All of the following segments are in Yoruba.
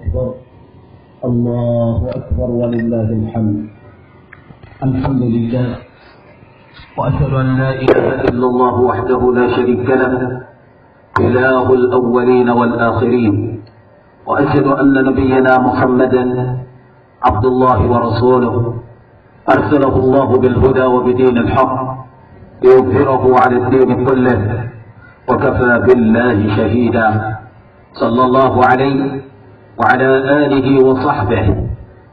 أكبر الله أكبر ولله الحمد الحمد لله وأشهد أن لا إله إلا الله وحده لا شريك له إله الأولين والآخرين وأشهد أن نبينا محمدا عبد الله ورسوله أرسله الله بالهدى وبدين الحق ليظهره على الدين كله وكفى بالله شهيدا صلى الله عليه وعلى آله وصحبه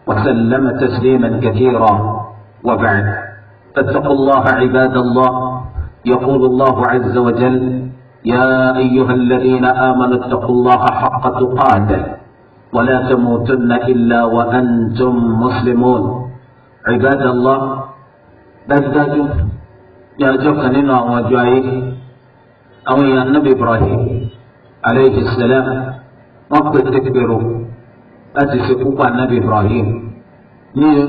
وسلم تسليما كثيرا وبعد فاتقوا الله عباد الله يقول الله عز وجل يا أيها الذين آمنوا اتقوا الله حق تقاته ولا تموتن إلا وأنتم مسلمون عباد الله dájúdájú يا ọjọ́ kan nínú أو يا ayé إبراهيم عليه السلام wọ́n pè kékeré láti fi kú pa nabi ibrahim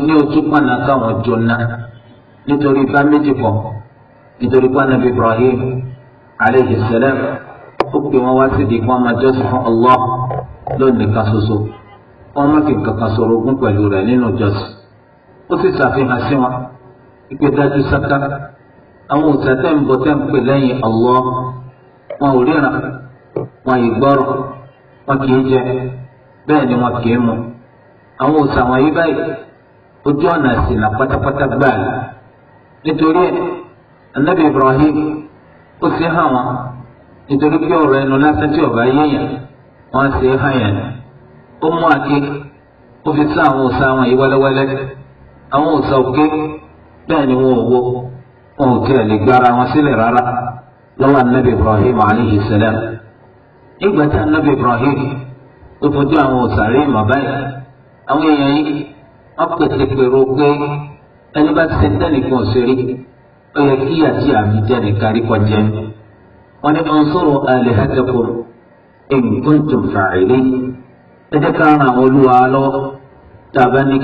ní ojú pàna káwọn jóná nítorí bá méjì pọ̀ nítorí pa ibrahim aleyhi salam ó pè wọ́n wá sí di kí wọ́n máa jọ́sìn fún lónìí kan ṣoṣo wọ́n má fi kankan sọ̀rọ̀ ogún pẹ̀lú si nínú jọ́sìn ó sì ṣàfihàn sí wọn ìpè dájú sáká àwọn òṣìṣẹ́ tẹ̀ ń bọ̀ wọn kì í jẹ bẹ́ẹ̀ ni wọn kì í mu àwọn òòsàn àwọn yìí báyìí ojú ọ̀nà ìsìnà pátápátá gbà nítorí ẹ̀ anabi ibrahim ó sì hàn wọn nítorí pé ọ̀rọ̀ ẹnu lásán tí ọba yéèyàn wọn sì hàn yẹn ó mú àké ó fi sá àwọn òòsàn yìí wẹ́lẹ́wẹ́lẹ́ àwọn òòsàn òkè bẹ́ẹ̀ ni wọn ò wo wọn ò tiẹ̀ lè gbára wọn sílẹ̀ rárá lọ́wọ́ anabi ibrahim nígbà tí anabi ibrahim tó fojú àwọn òsàrí ìmọ̀ báyìí àwọn èèyàn yìí wọ́n pèsè pèrò pé ẹni bá ṣe tẹ́nìkan ṣeré ó yẹ kí àti àmì jẹ́ni kárí kọjá wọn ni wọn sọ̀rọ̀ alihatakum in kuntum fa'ilin ẹ jẹ́ ká ran àwọn olúwa lọ́wọ́ tá a bá ní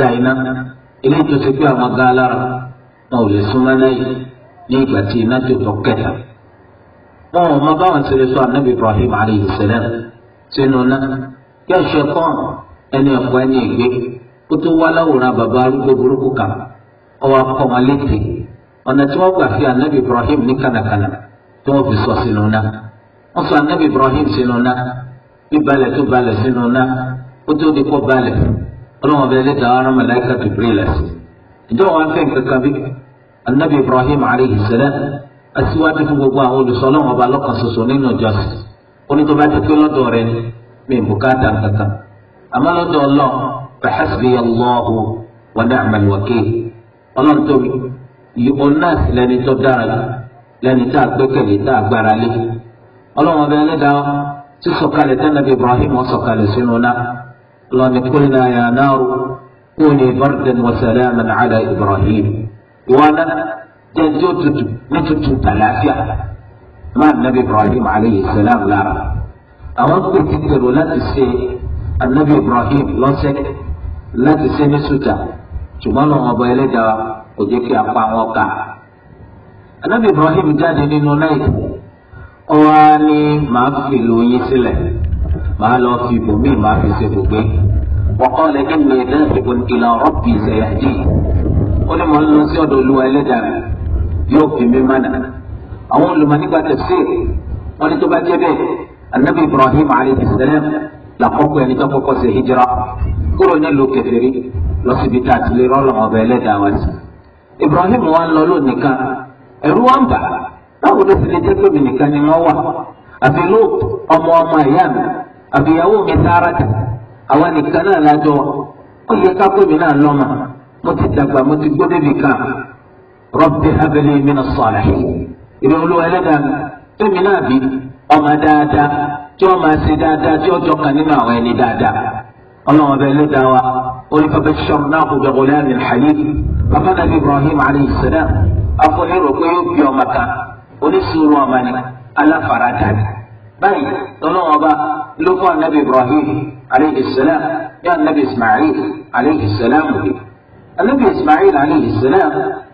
da iná ilé ìjọsìn pé àwọn wọn ò mọ báwọn ti lè sọ anabi ibrahim aleyhi salam sínú náà yóò ṣe kọ́ ẹni ẹ̀kọ́ ẹni ẹ̀gbẹ́ kó tó wá láwòrán bàbá arúgbó burúkú kan ọwọ́ akọ́ wọn létí ọ̀nà tí wọ́n gbà fi anabi ibrahim ní kànàkànà tí wọ́n fi sọ sínú náà wọ́n sọ anabi ibrahim sínú náà bíbalẹ̀ tó balẹ̀ sínú náà ó tó di kọ́ balẹ̀ ọlọ́wọ́n bẹ́ẹ̀ lé ọ̀rọ̀ mọ̀láyíkà tó bírè lẹ́sìn ìjọ wọn fẹ́ nǹkan bí anabi ibrahim aleyhi salam aṣíwájú fún gbogbo àwọn olùsọ náà ọba lọ́kàn ṣoṣo nínú ìjọsìn onítọ́ba ti pé lọ́dọ̀ rẹ ni mi bùkátà kankan àmọ́ lọ́dọ̀ ọlọ́ bàhásìbí ọlọ́hu wọn ní àmàlù wákè ọlọ́ntóbi ìbọn náà sì lẹni tó dára lẹni tá a gbẹ́kẹ̀lé tá lé ọlọ́wọ́n bẹ́ẹ̀ lẹ́dàá tí sọ̀kalẹ̀ tẹ́lẹ̀ bí Ibrahim sọ̀kalẹ̀ sínú náà lọ́ni kúlẹ̀ náà yà náà rú kúni bardan wa Ibrahim ìwọ́n jẹ́jọ́ tutù ní tutù tàlàáfíà máa nàbí Ibrahim aleyhi salam lára àwọn pè ti tèrò láti ṣe anabi Ibrahim lọ́sẹ̀ láti ṣe ní sùtà ṣùgbọ́n náà ọba ẹlẹ́dàá kò jẹ́ kí apá wọn kà anabi Ibrahim jáde nínú náà ọwọ́ á ní màá fi lóyún sílẹ̀ màá lọ fi bòmíì màá fi ṣe gbogbo wọ́kọ́lẹ̀ ẹ̀mí ẹ̀dá ìbùn ìlà ọ̀bì ìṣẹ̀yàjì ó ní mò ń lọ sí ọ̀dọ̀ olúwa ẹlẹ́dàá yóò fi mí mánà àwọn olùmọ̀ nípa tafsir wọn ni tó bá jẹ́ bẹ́ẹ̀ anabi ibrahim alayhi salam làkọ́kọ́ ẹni tó kọ́kọ́ ṣe hijira kúrò nílùú kẹfìrí lọ síbi tá a ti lè rọ́ọ̀lọ́ ọ̀bẹ ẹlẹ́dàá wa sí ibrahim wa ń lọ lónìí kan ẹ̀rú wa ń bà báwo ló ti lè jẹ́ pé mi ni wọ́n wà àfi ló ọmọ ọmọ ìyá mi àbíyàwó mi sára tà àwa nìkan náà lájọ ó yẹ ká pé mi náà lọ́mọ mo ti dàgbà mo ti gbó débì kan rọ́bì abẹ́lé mi náà sọ̀rọ̀ ìrìn olúwa ẹlẹ́dàá fẹ́mi náà bí ọmọ dáadáa tí wọ́n máa ṣe dáadáa tí ọjọ́ kan nínú àwọn ẹni dáadáa ọlọ́wọ́n bẹ ẹlẹ́dàá wa olùfẹ́fẹ́ sọ̀rọ̀ náà kò gbẹ̀gbọ́ lẹ́yìn àlìyé bàbá nàbí Ibrahim alayhi salam afọ́nirò pé yóò bí ọmọ kan oníṣòro ọmọ ni aláfarada ni báyìí ọlọ́wọ́n bá ló fún anabi Ibrahim alayhi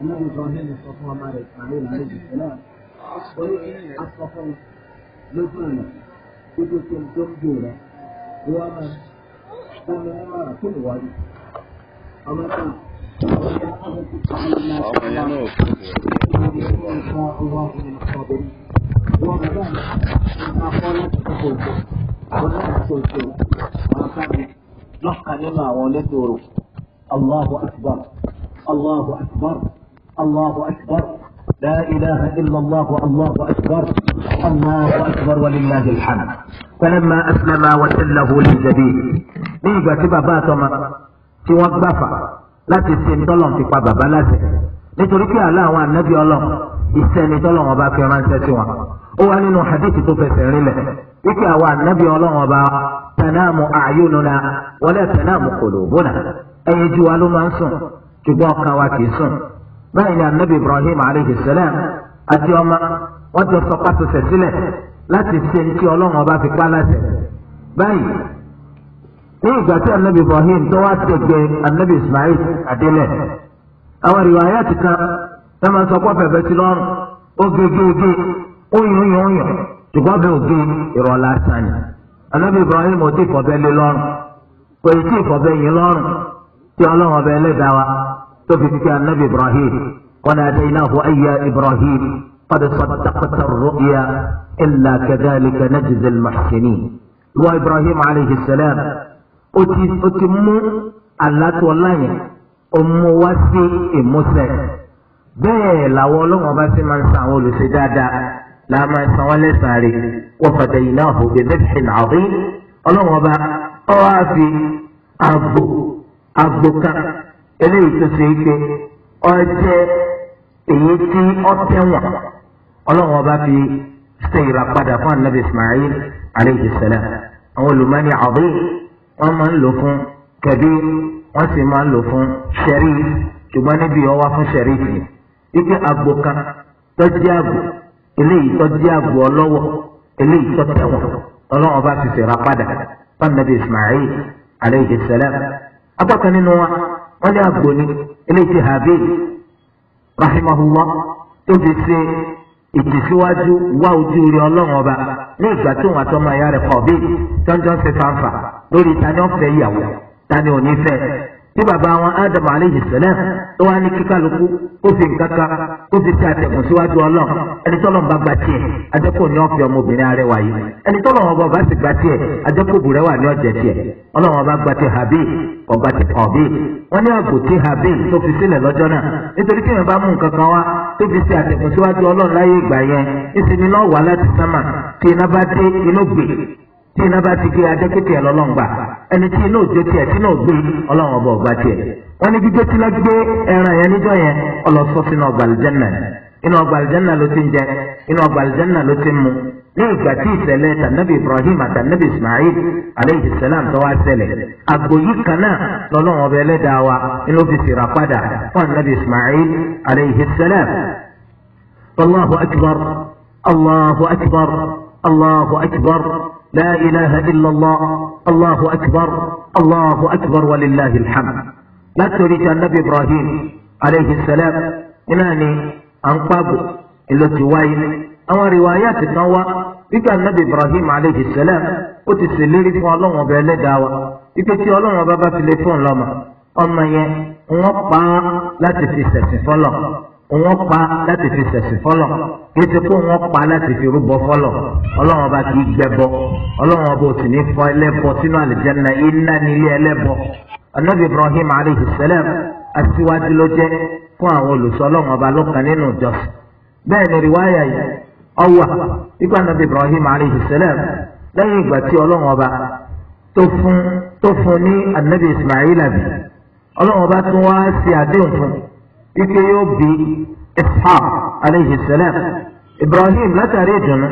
النبي ابراهيم اصطفاهم على اسماعيل عليه السلام ولكن اصطفوا لقمانه يجوكم جمجوله وما كان ما كل وادي اما كان الله من الصابرين وما ذلك ما الله اكبر الله أكبر لا إله إلا الله الله أكبر الله أكبر ولله الحمد فلما أسلم وسله للجبين نيجا تبا باتما توقفا لا تسين طلم تبا بابا لا تسين نتركي الله وعن نبي الله ìsẹ́ni tọ́lọ́wọ́n bá fi ránṣẹ́ sí wọn. ó wá nínú hadithi tó fẹsẹ̀ rinlẹ̀ wípé àwa ànábì ọlọ́wọ́n bá tẹ̀nàmù àyùnúna wọlé tẹ̀nàmù kòlòbónà ẹ̀yìn ju wa ló máa ń sùn ṣùgbọ́n ọkàn wa kì í sùn. báyìí ni anabi ibrahim aleyhi salam àti ọmọ wọn ti sọ pàṣẹ sílẹ̀ láti ṣe ní kí ọlọ́run ọba fi pa láṣẹ báyìí ní ìgbà tí anabi ibrahim tó wá tẹgbẹ anabi ismail adélẹ àwọn ìwà ayé àti kan ẹ máa sọ pé bẹ̀bẹ̀ sí lọ́rùn tóbi títí anabi ibrahim wọn adé iná hu ayé ibrahim qad saddaqta ar-ru'ya illa kadhalika najzi al-muhsinin wa ibrahim alayhi salam ó ti ó ti mú alátọ́láyìn ó mú wá sí ìmúṣẹ bẹ́ẹ̀ làwọn ọlọ́wọ́n bá ti máa ń san àwọn olùṣe dáadáa làá máa ń san wọn lẹ́sàárẹ̀ wọ́n fàdé iná hu bi dhabhin 'adhim ọlọ́wọ́n bá ọ wá fi àgbò àgbò kan eléyìí tó ṣe é pé ọjẹ́ èyí tí ọ tẹ̀wọ̀n ọlọ́run ọba fi ṣe ìràpadà fún anabi ismail aleyhi salam àwọn olùmọ́ni àbí wọ́n máa ń lò fún kẹbí wọ́n sì máa ń lò fún ṣẹ̀rí ṣùgbọ́n níbi ọwá fún ṣẹ̀rí fi wípé àgbò kan tọ́jú àgbò eléyìí tọ́jú àgbò ọlọ́wọ́ eléyìí tọ́ tẹ̀wọ̀n ọlọ́run ọba fi ṣe ìràpadà fún anabi ismail aleyhi salam nínú wa wọ́n ní àgbò ni eléyìí ti hàbí rahimahullah tó fi ṣe ìtẹ̀síwájú wá ojú rí ọlọ́run ọba ní ìgbà tó wọn àtọmọ ẹ̀yà rẹ̀ kọ̀ bí tọ́jọ́ ṣe fanfà lórí tani ọ̀fẹ́ ìyàwó tani òní fẹ́ tí bàbá wọn Adam aleyhi sẹlẹm tó wá ní kíkálukú kó fi nǹkankan kó fi ti àtẹ̀kùn síwájú ọlọ́run ẹni tọ́lọ̀ ń bá gba tiẹ̀ adẹ́kọ̀ ní ọ̀fẹ́ ọmọbìnrin arẹwà yìí ẹni tọ́lọ̀ wọn bá ọba sì gba tiẹ̀ adẹ́kọ̀ bùrẹ́wà ní ọ̀jẹ̀ tiẹ̀ ọlọ́run ọba gba ti habi ọba ti ọ̀bi wọn ní àgò tí habi tó fi sílẹ̀ lọ́jọ́ náà nítorí kí wọn bá mú nǹkankan wá tó fi ti àtẹ̀kùn síwájú ọlọ́run láyé ìgbà yẹn tí iná bá ti gé ajẹ́kẹ́tì ẹ̀ lọ́lọ́run gbà ẹni tí iná òjò tiẹ̀ tí iná ògbé ọlọ́run ọba ọgbà tiẹ̀ wọ́n ní gbígbé tí wọ́n gbé ẹran yẹn níjọ́ yẹn ọlọ́sọ́ sínú ọgbà àlùjẹ́nà inú ọgbà àlùjẹ́nà ló ti ń jẹ inú ọgbà àlùjẹ́nà ló ti ń mu ní ìgbà tí ìṣẹ̀lẹ̀ tànàbí Ibrahim àtànàbí Ismail aleyhi salam tó wá ṣẹlẹ̀ àgbòyí kan náà lọ́lọ́run ọba ẹlẹ́dàá wa inú fi sì padà fún ànàbí لا إله إلا الله الله أكبر الله أكبر ولله الحمد لا تريد النبي إبراهيم عليه السلام إناني أنقابه إلا تواين أو روايات النوى بك النبي إبراهيم عليه السلام وتسليري في الله وبيلا دعوة بك تي الله وبابا في لما أما يه ونقبع لا تفسد في òun pa láti fi ṣẹ̀sìn fọlọ̀ kété kó wọn pa láti fi rúbọ fọlọ̀ ọlọ́run ọba kì í gbẹbọ ọlọ́run ọba ò sì ní fọ ẹlẹ́bọ sínú àlùjánnà iná nílé ẹlẹ́bọ anabi ibrahim alayhi salam aṣíwájú ló jẹ́ fún àwọn olùsọ ọlọ́run ọba lọ́kàn nínú ìjọsìn bẹ́ẹ̀ ni riwaya yìí ọwà ikú anabi ibrahim alayhi salam lẹ́yìn ìgbà tí ọlọ́run ọba tó fún tó fún ní anabi ismaila bi ọlọ́run ọba tún wá ṣe àdéhùn fún un ike yóò bí ishaq aleyhi salam ibrahim látàrí ìdùnnú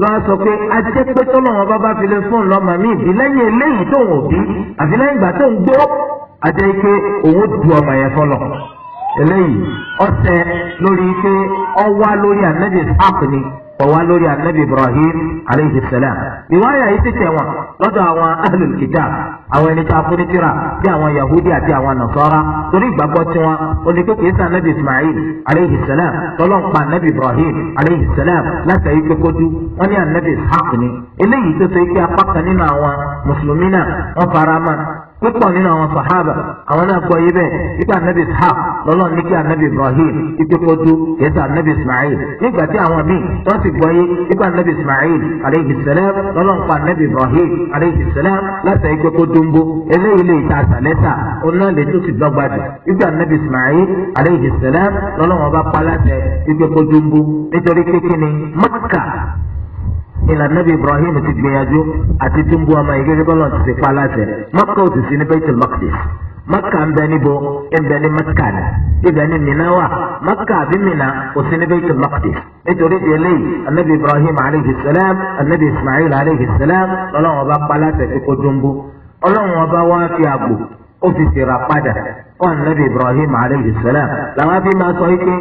lọ́wọ́ sọ pé ajẹ́ pé tọ́lọ́wọ́n bá bá fi lè fún un lọ́mọ mi ìbí lẹ́yìn eléyìí tó ń òbí àfi lẹ́yìn ìgbà tó ń gbó ajẹ́ ike òun du ọmọ yẹn fọlọ́ eléyìí ọ̀sẹ̀ lórí ike ọwá lórí anabi ishaq ni ọ̀wá lórí anabi ibrahim aleyhi salam ìwáyà yìí ti tẹ̀wọ̀n lọ́dọ̀ àwọn ahlul kitab àwọn ẹni tá a fún ní tírà bí àwọn yahudi àti àwọn nasara torí ìgbàgbọ́ tiwọn oníkó kìí sàn anabi ismail aleyhi salam tọ́lọ́ǹpa anabi ibrahim aleyhi salam láti ẹ̀yí kékojú wọ́n ní anabi ishaq ni eléyìí tó so ike apá kan nínú àwọn mùsùlùmí náà wọ́n fara mọ́ púpọ̀ nínú àwọn sàhábà àwọn náà gbọ́ yìí bẹ́ẹ̀ ipa anabi ishaq lọ́lọ́ ní kí anabi ibrahim ipe kojú yẹtà anabi ismail nígbà tí àwọn míì wọ́n sì gbọ́ yìí ipa anabi ismail aleyhi sẹlẹm lọ́lọ́ nípa anabi ibrahim aleyhi sẹlẹm láti ipe kojú ń bó eléyìí lè ta àtàlẹ́sà ọ̀nà lè tó ti dọ́gba jù ipa anabi ismail aleyhi sẹlẹm lọ́lọ́ wọn bá pa láti ipe kojú ń bó nítorí kékeré mọ́tíkà ìlànà nàbì ibrahim ti gbìyànjú àti túnbù ọmọ yìí gẹ́gẹ́ bọ́lá ti ti pa láṣẹ mọ́kà ò sì sí ní baitul maqdis mọ́kà ń bẹ níbo ń bẹ ní mọ́kà ni ibẹ̀ ni mina wà mọ́kà àbí mina ò sí ní baitul maqdis nítorí di eléyìí anabi ibrahim aleyhi salam anabi ismail aleyhi salam ọlọ́run ọba pa láṣẹ kíkó túnbù ọlọ́run ọba wá fi àgbò ó fi ṣèrà padà Ànábì Ibrahim alayhi salam làwọn fi sọ wípé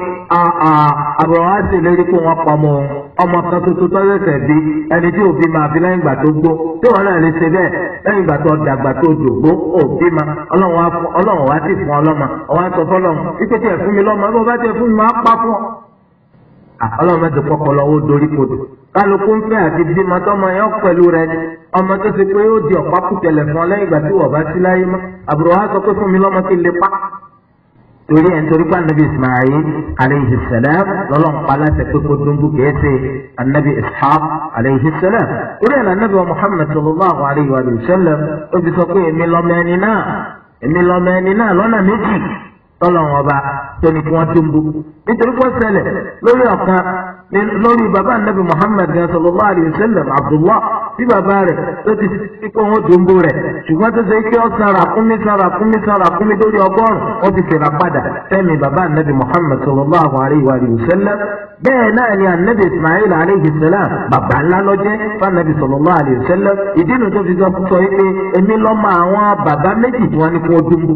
àbọ̀wá sì wọn pamọ́ ọmọ kan tuntun tó ṣẹ̀ṣẹ̀ di ẹni tí òbí máa fi lẹ́yìn ìgbà tó gbó tí wọn náà lè ṣe bẹ́ẹ̀ lẹ́yìn ìgbà tó dàgbà tó dògbó òbí ma ọlọ́run sọ tí mi lọ́mọ ẹ bó bá tẹ fún mi Ah, ọlọ́run mẹ́tò kọ́kọ́lọ́ ó dorí kodò kálukú ń fẹ́ àti bímọ tọmọ yẹn pẹ̀lú rẹ ọmọ tó ti pé ó di ọ̀pá kùtẹ̀lẹ̀ fún ọ lẹ́yìn ìgbà tí wọ́n bá sí láyé mọ́ àbúrò wa sọ pé fún mi lọ́mọ kí n lè pa torí ẹ̀ nítorí pé anabi ismail aleyhi salam lọ́lọ́n kpala ṣe pé kó dundun kẹ́sẹ̀ anabi ishaq aleyhi salam orí ẹ̀ anabi wa muhammad sallallahu alayhi wa sallam ó fi sọ pé èmi lọ́mọ ẹni náà èmi lọ́mọ ẹni náà lọ́nà méjì tọ́lọ́wọ́n ọba tóní kí wọ́n tún bú nítorí wọ́n ṣẹlẹ̀ lórí ọ̀kan lórí bàbá anabi muhammed gan sallallahu alayhi wa sallam abdullah bí bàbá rẹ̀ tó ti sí pé wọ́n dùn bú rẹ̀ ṣùgbọ́n tó ṣe pé ó san ràkúnmí san ràkúnmí san ràkúnmí lórí ọgọ́rùn-ún ó ti fèrà padà fẹ́mi bàbá anabi muhammed sallallahu alayhi wa sallam bẹ́ẹ̀ náà ni anabi ismail alayhi salam bàbá ńlá lọ́jẹ́ fanabi sallallahu alayhi ìdí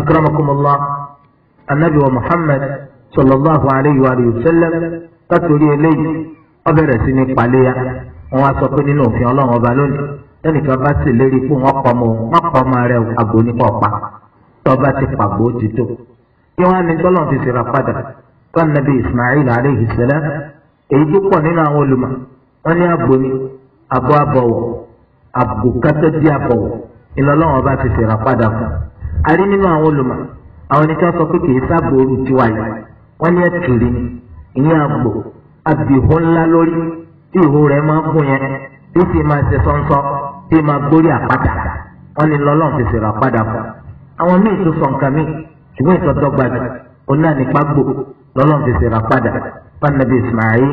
أكرمكم الله النبي ومحمد صلى الله عليه وآله وسلم تتولي إليه أبرا سنك عليها وأسقني نوفي الله وبالوني ẹnìkan bá sì lérí fún wọn pọ̀ mọ́ wọn pọ̀ àgbo nípa ọ̀pá tó ti pàgbó ti kí á ismail aleyhi salam èyí tó pọ̀ nínú àwọn olùmọ̀ ní ni àbọ̀wọ̀ àbọ̀wọ̀ bá ti a rí nínú àwọn olùmọ àwọn ẹni tí wọ́n sọ pé kì í sábò orí tiwa yìí wọ́n ní ẹ̀kìrì ni ìyẹn àgbò abìhó ńlá lórí tí ìhó rẹ̀ máa ń gùn yẹn tí sì máa ṣe sọ́nsọ́ tí máa gbórí àpáta sọ nǹkan míì ṣùgbọ́n ìtọ́dọ́gba jù òun náà nípa gbò lọ́lọ́run ti àpáta fún Ismail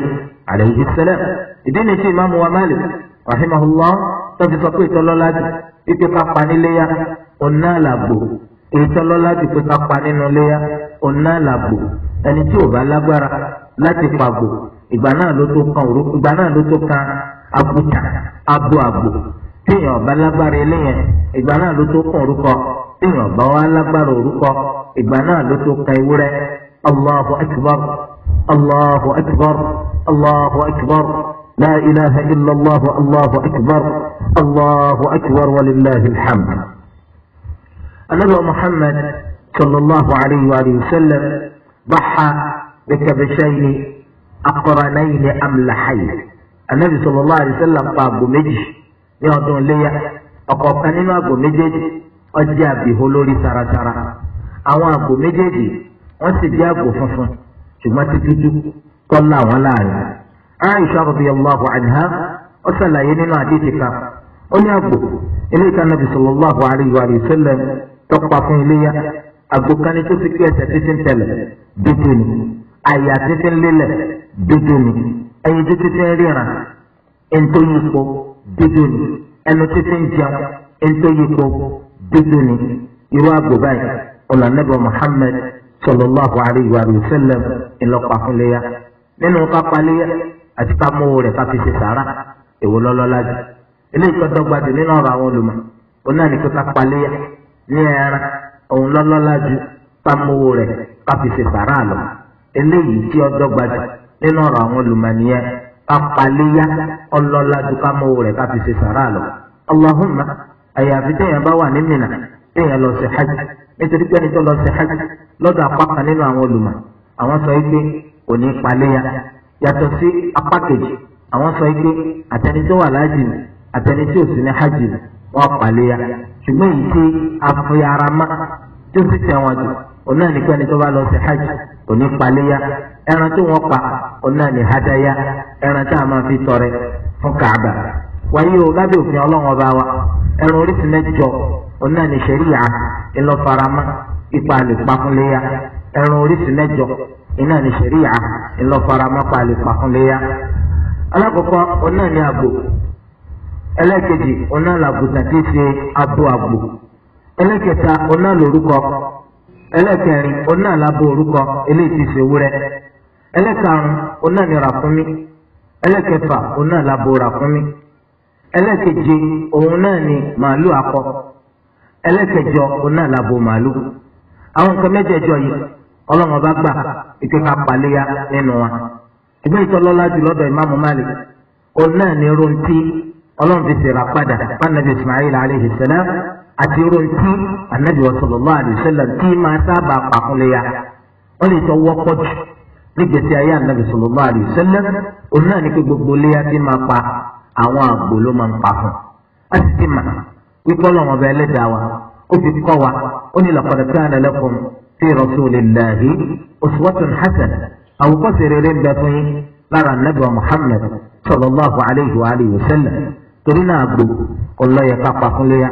alayhi salam ìdí ni tí ìmáàmù wa tọ́jú sọ pé ìtọ́lọ́lá jù wípé ká pa níléyà ọ̀nà àlàbò ìtọ́lọ́lá jù pé ká pa nínú léyà ọ̀nà àlàbò ẹni tí ò bá lágbára láti pàgò ìgbà náà ló tó kan òru ìgbà náà ló tó kan àbùtà abo àgbò téèyàn ọba lágbára eléyẹn ìgbà náà ló tó kan orúkọ téèyàn ọba wa lágbára orúkọ ìgbà náà ló tó kan ewúrẹ́ Allahu akbar Allahu akbar Allahu akbar. لا إله إلا الله الله أكبر الله أكبر ولله الحمد النبي محمد صلى الله عليه وآله وسلم ضحى بكبشين أقرنين أملحين النبي صلى الله عليه وسلم طاب مجي يعطون لي أقفني ما مجي ọjà àbíhó lórí taratara àwọn àgbò méjèèjì wọn sì شو ما funfun ṣùgbọ́n títí ولا لا aisha radiyallahu anha ó ṣàlàyé nínú àdéhìí kan ó ní àgbò ilé ìka nàbì sallallahu alayhi wa sallam tọpa fún iléyà àgbò kan ní tó ti kí ẹsẹ̀ títí ń tẹ̀lẹ̀ dúdú ni àyà títí ń lélẹ̀ dúdú ni ẹyin títí ń ríran ni Muhammad sallallahu alayhi wa sallam fún iléyà nínú àti ká mówó rẹ̀ ká fi ṣe sàárà èwo lọ́lọ́lá jù eléyìí tó dọ́gba jù nínú ọ̀rọ̀ àwọn olùmọ̀ òun náà ní kó ká paléyà ní ẹran òun lọ́lọ́lá jù ká rẹ̀ ká ṣe sàárà lọ eléyìí tí ó dọ́gba jù nínú ọ̀rọ̀ àwọn olùmọ̀ nìyẹn ká paléyà rẹ̀ ṣe lọ. àyàfi téèyàn bá wà téèyàn lọ sí hajj nítorí yàtọ̀ sí apá àwọn sọ pé àtẹni tó wà láàjì àtẹni tí ni pàlẹ́ ya ṣùgbọ́n èyí tí afẹ́yàrámá tó sì tẹ̀wọ̀n jù òun náà ní pẹ́ni tó bá lọ sí hajj òní pàlẹ́ ya ẹran tí wọ́n pa òun náà ní hadaya ẹran tí a máa fi tọrẹ fún Kaaba wáyé o lábẹ́ òfin ọlọ́run ọba wa ẹran oríṣi mẹ́jọ òun náà ní ńlọ ipa lè pa ya, ẹran oríṣi mẹ́jọ iná ni sẹ̀ríyà ńlọ faramọ́ palè pàkúnléyà. alákọ̀ọ́kọ́ ọ̀nà ni àgbò ẹlẹ́kejì ọ̀nà làbùtà tí ṣe abo àgbò ẹlẹ́kẹta ọ̀nà lórúkọ ẹlẹ́kẹrin ọ̀nà làbò orúkọ eléyìí ti ṣe wúrẹ́ ẹlẹ́karùn ọ̀nà ni ràkúnmí ẹlẹ́kẹfà ọ̀nà làbò ràkúnmí náà ni màálù akọ ẹlẹ́kẹjọ ọ̀nà làbò màálù àwọn ọlọ́run ọba gbà ètò ká paléya nínú wa ìgbẹ́ ìtọ́lọ́lá jùlọ bẹ̀ ìmáàmù Malik òun náà ní rontí ọlọ́run fi ṣèrà padà fanabi Ismail alayhi salam àti rontí anabi sallallahu alayhi wasallam tí máa sábà pàkúnléya wọ́n lè tọ́ wọ́pọ̀ jù nígbèsí ayé anabi sallallahu alayhi wasallam òun náà ní pé gbogbo léya ti máa pa àwọn àgbò ló máa ń pa fún a ti ti mà wípé ọlọ́run ọba ẹlẹ́dàá wa ó ti kọ́ wa ó ní laqad kana lakum fi rasulillahi uswatun hasana àwòkọ́ṣe rere ń bẹ fún yín lára nabi wa muhammad sallallahu alayhi wa alihi wa sallam torí náà gbò ọlọ́yẹ kápá fúnléyà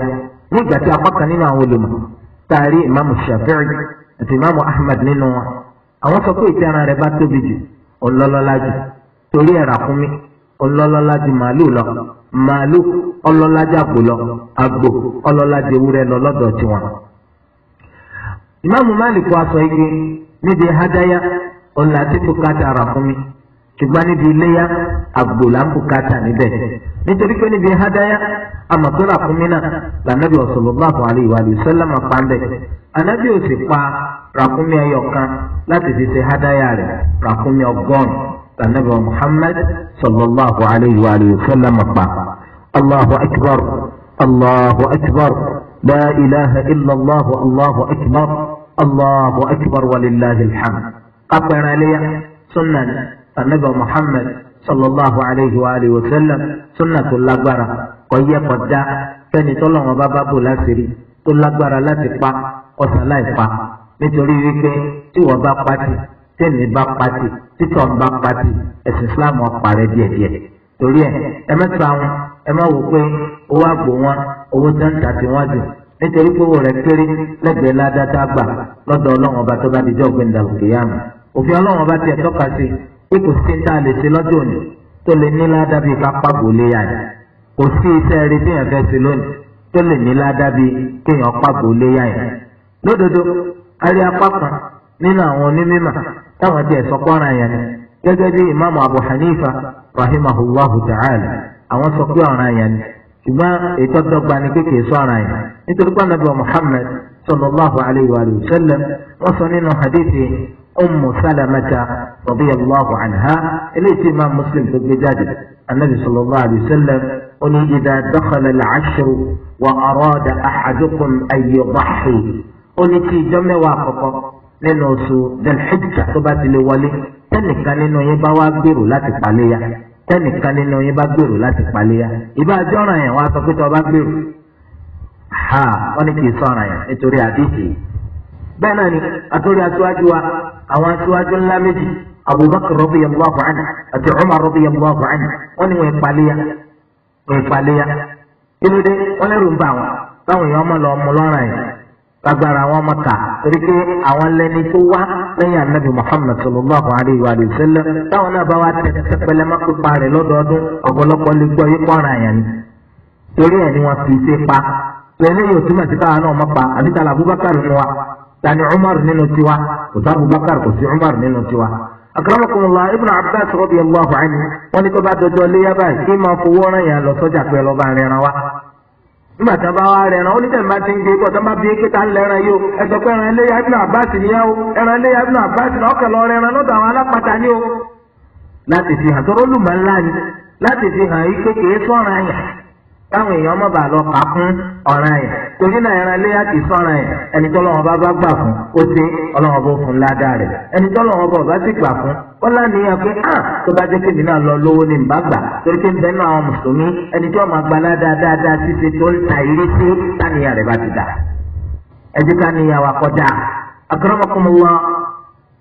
nígbà tí apá nínú àwọn olùmọ̀ taari imaamu shafi'i àti imaamu ahmed nínú wọn àwọn sọ pé ìtẹ́ran rẹ̀ bá tóbi jù ọlọ́lọ́lá jù torí ẹ̀rà fún mi. ọlọ́lọ́lá di màálù lọ màálù ọlọ́lá ju àgbò lọ àgbò ọlọ́lá ju ewúrẹ́ lọ lọ́dọ̀ tiwọn. ìmáàmù Malik wa sọ igi níbi hadaya ọ̀là tí bùkátà rà fún mi ṣùgbọ́n níbi iléyà àgbò là ń bùkátà níbẹ̀ nítorí pé níbi hadaya amọ̀tọ́rà fún mi náà lànàbí sallam ò sì pa láti ṣe hadaya ọgọ́rùn-ún tànàbí wa muhammad sallallahu alayhi wa sallam pa allahu akbar allahu akbar la ilaha illallah allahu akbar allahu akbar walillahi alhamd apẹ̀rẹ̀ aliya sunan tànàbí wa muhammad sallallahu alayhi wa sallam sunnatul lágbára kọ̀yẹ́ kọjá fẹ́ni tọ́lọ́wọ́n bá bá bò láṣìírí tó lágbára láti pa ọ̀sán láì pa nítorí wípé tí wọ́n bá pa tì tẹ̀mí bá pati títọ̀ bá pati ẹ̀sìn islam ọ̀parẹ́ díẹ̀díẹ̀ torí ẹ̀ ẹ mẹ́ta wọn ẹ má wò pé owó àgbò wọn owó dáńtà tí wọ́n dùn nítorí pé owó rẹ̀ kéré lẹ́gbẹ̀ẹ́ ládàtà gbà lọ́dọ̀ ọlọ́run ọba tó bá di jọ́ gbẹ̀ndà òkè yàmù òfin ọlọ́run ọba tiẹ̀ tọ́ka sí pé kò sí tá a lè ṣe lọ́jọ́ òní tó lè ní ládàbí kápá gòlé yà ni kò sí iṣẹ́ rí téèyàn fẹ́ ṣe lónìí tó lè ní ládàbí kéèyàn pàgò lé yà yẹn lódodo a rí apá kan nínú àwọn onímọ̀ táwọn ti ẹ̀sọ́ pọ́nra yẹn ni gẹ́gẹ́ bí imaamu abu hanifa rahimahullahu ta'ala àwọn sọ pé ọ̀ràn yẹn ni ṣùgbọ́n ètò ọ̀dọ́gba ni kékeré sọ ọ̀ràn yẹn nítorí pé anabi muhammed sallallahu alayhi wa sallam wọ́n sọ nínú hadithi ummu salamata radiyallahu anha eléyìí tí imaamu muslim tó gbé jáde anabi sallallahu alayhi wa sallam ó ní idha dakhala al-ashr wa arada ahadukum an yudhi ó ní mẹ́wàá àkọ́kọ́ nínú oṣù delhijja tó bá ti lè wọlé tẹnìkan nínú yín bá wá gbèrò láti paléya tẹnìkan nínú yín bá gbèrò láti paléya ìbá àjọràn yẹn wàá sọ pé tó bá gbèrò ha wọn ni kì í sọràn yẹn nítorí àdéhìí bẹ́ẹ̀ náà ni àtúrí aṣíwájú wa àwọn aṣíwájú ńlá méjì abubakar radiyallahu anhu àti umar radiyallahu anhu wọn ni wọn ìpaléya wọn ìpaléya kí ló wọn lẹ́rù ń wọn báwọn èèyàn agbára àwọn maka torí pé àwọn lẹni tó wá lẹ́yìn anabi muhammad sallallahu alayhi wa sallam táwọn náà bá wá tẹ̀lé pẹlẹ má pípa rẹ̀ lọ́dọọdún ọ̀pọ̀lọpọ̀ lè gbọ́ yí pọ́nra yẹn ni torí ẹ̀ ni fi ṣe pa pẹ̀lú yóò túmọ̀ sí káwọn náà má pa àbí abubakar mu wa tani umar nínú tiwa kò sí abubakar kò sí umar nínú tiwa. akramakumullah ibn abbas radiyallahu anhu wọn ni tó bá dọjọ́ léyà báyìí kí nígbà tí a na wá rẹ̀ ẹran onídẹ̀ẹ́ bá ti ń gbé bọ̀ a bá bí ń lẹ́ran yìí o ẹ sọ pé ẹran na ibùnà àbáàsì ni ẹ o ẹran iléyà na àbáàsì náà ọkàn lọ rẹ lọ́dọ̀ àwọn ni o. láti fi hàn tọ́rọ́ lùmọ̀ ńlá ni láti fi hàn yí pé kìí sọ̀ràn táwọn èèyàn má bàa lọ kà fún ọ̀ràn yẹn torí náà ẹran léyà kì í sọ̀ràn yẹn ẹni tó lọ́wọ́ bá bá gbà fún ó ti ọlọ́wọ́ bó fún ládàá rẹ̀ ẹni tó lọ́wọ́ bá bá ti gbà fún ó lánìyàn pé hàn ah, tó bá jẹ́ kébì náà lọ lówó ni bá gbà torí pé bẹ́ẹ̀ náà àwọn mùsùlùmí ẹni tó ládàá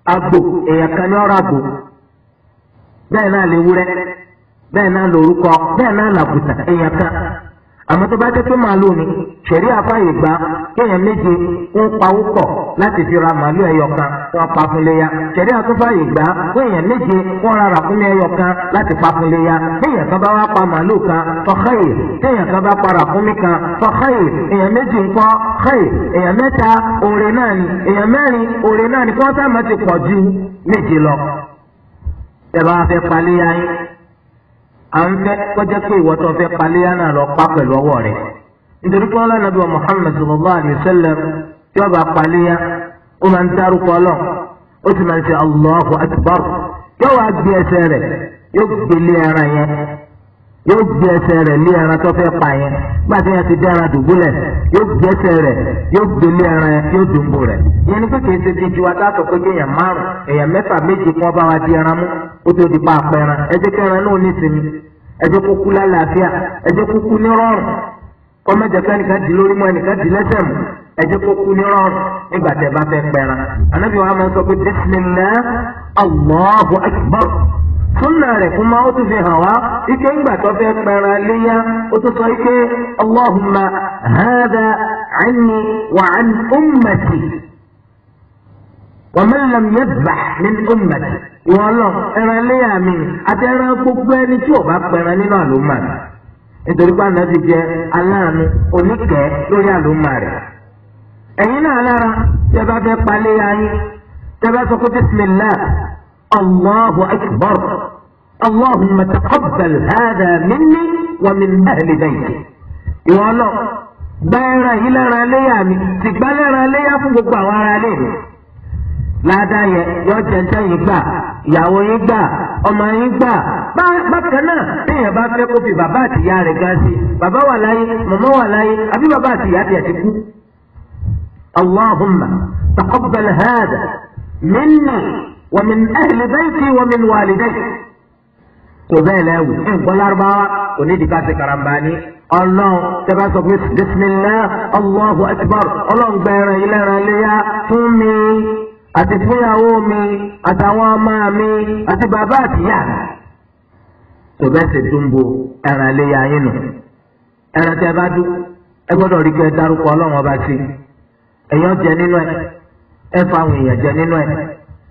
agbo àmọ́ tó bá jẹ́ pé màálù ni ṣẹ̀rí àfáàyè gba kéèyàn méje ń pawó pọ̀ láti fi ra màálù ẹyọ kan wọ́n pa fún léya ṣẹ̀rí àtúfáàyè gba kéèyàn méje wọ́n ra ràkúnmí ẹyọ kan láti pa fún léya kéèyàn kan bá wá pa màálù kan fọ́kẹ́yì kéèyàn kan bá pa ràkúnmí kan fọ́kẹ́yì èèyàn méjì ń kọ́ kẹ́yì èèyàn mẹ́ta òòrè náà ni èèyàn mẹ́rin òòrè náà ni kọ́ńtà mọ́ ti pọ̀ ju méje lọ. ẹ bá fẹ́ paléyà yín à ń fẹ́ kọjá pé ìwọ tó fẹ́ paléyà náà lọ pa pẹ̀lú ọwọ́ rẹ̀ nítorí pé ọlọ́run nàbí wa Muhammad sallallahu alayhi wa sallam tí ya. ó máa ń ó sì máa ń yóò gbé ẹsẹ̀ rẹ̀ lé ẹran tó fẹ pa yẹn nígbà tí yẹn ti dé ẹran dùbúlẹ̀ yóò gbé ẹsẹ̀ rẹ̀ yóò gbé ẹran yẹn yóò dùnbò rẹ̀. ìyẹn ní kékeré ṣe ti ju adáàtọ̀ pé kí èèyàn márùn èèyàn mẹ́fà méje kí bá wa di mú ó tó di pa àpẹran ẹ jẹ́ náà ní ìsinmi ẹ jẹ́ lálàáfíà súnà rẹ̀ fún ma ó tún fi hàn wá ike ńgbà tó fẹ́ pẹran léyà ó tún sọ ike hada anni wa an ummati wa mi àti ẹran gbogbo ẹni tí nínú rẹ̀ nítorí pé jẹ aláàánú oníkẹ́ lórí rẹ̀ ẹ̀yin náà lára الله أكبر اللهم تقبل هذا مني ومن أهل بيتي ìwọ lọ gba ẹran yìí lẹ́ran ẹlẹ́yà mi ti gbá lẹ́ran ẹlẹ́yà fún gbogbo àwọn ará ilé mi. ládàá yẹ yọ jẹjẹ yìí gbà ìyàwó yìí gbà ọmọ yìí gbà bákan náà téèyàn bá fẹ́ kó fi bàbá àtìyá rẹ̀ gan sí bàbá wà láyé màmá wà láyé àbí bàbá àtìyá tiẹ̀ ti kú. اللهم تقبل هذا مني ومن أهل بيتي ومن والدي إن وإن أربعة ونيدي كاسي كرمباني الله تبارك بسم الله الله أكبر الله أكبر إلى ليا فمي أتفيا أمي أتوا مامي أتباباتي يعني قبالة دنبو أنا ليا ينو أنا تبادو أقول لك دارك الله وباتي أيها جنينو أفاوي يا جنينو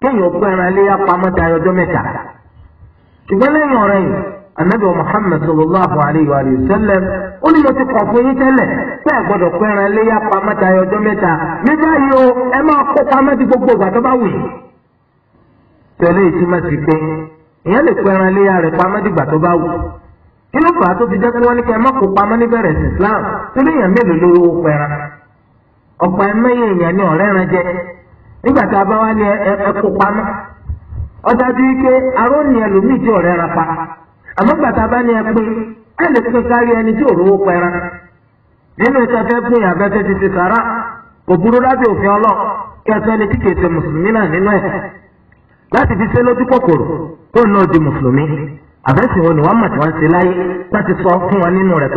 kéèyàn kó ẹran iléyà pamọ́ ta ọjọ́ mẹ́ta ṣùgbọ́n lẹ́yìn ọ̀rẹ́ yìí anabi muhammed sallallahu alayhi wa sallam ó ní mo ti kọ̀ fún yín tẹ́lẹ̀ pé ẹ gbọ́dọ̀ kó ẹran iléyà pamọ́ ta ọjọ́ gbogbo ìgbà tó bá wù yín. tẹ̀lé ìtumọ̀ sí pé lè ẹran pamọ́ tó bá wù kí ló fà á tó ti jẹ́ wọ́n nígbà tá a bá wá ní ẹkú pamọ́ ike aróní ẹlòmíì tí ọ̀rẹ́ ra pa àmọ́ tá a bá ní ẹpin ẹ lè pin kárí ẹni tí òrówó pẹran nínú ìtọ́fẹ́ pín àfẹ́fẹ́ ti ti sàrà òbúrú burú òfin ọlọ́ mùsùlùmí náà nínú ẹ̀ láti fi ṣe lójú kòkòrò náà di mùsùlùmí wọn nínú rẹ̀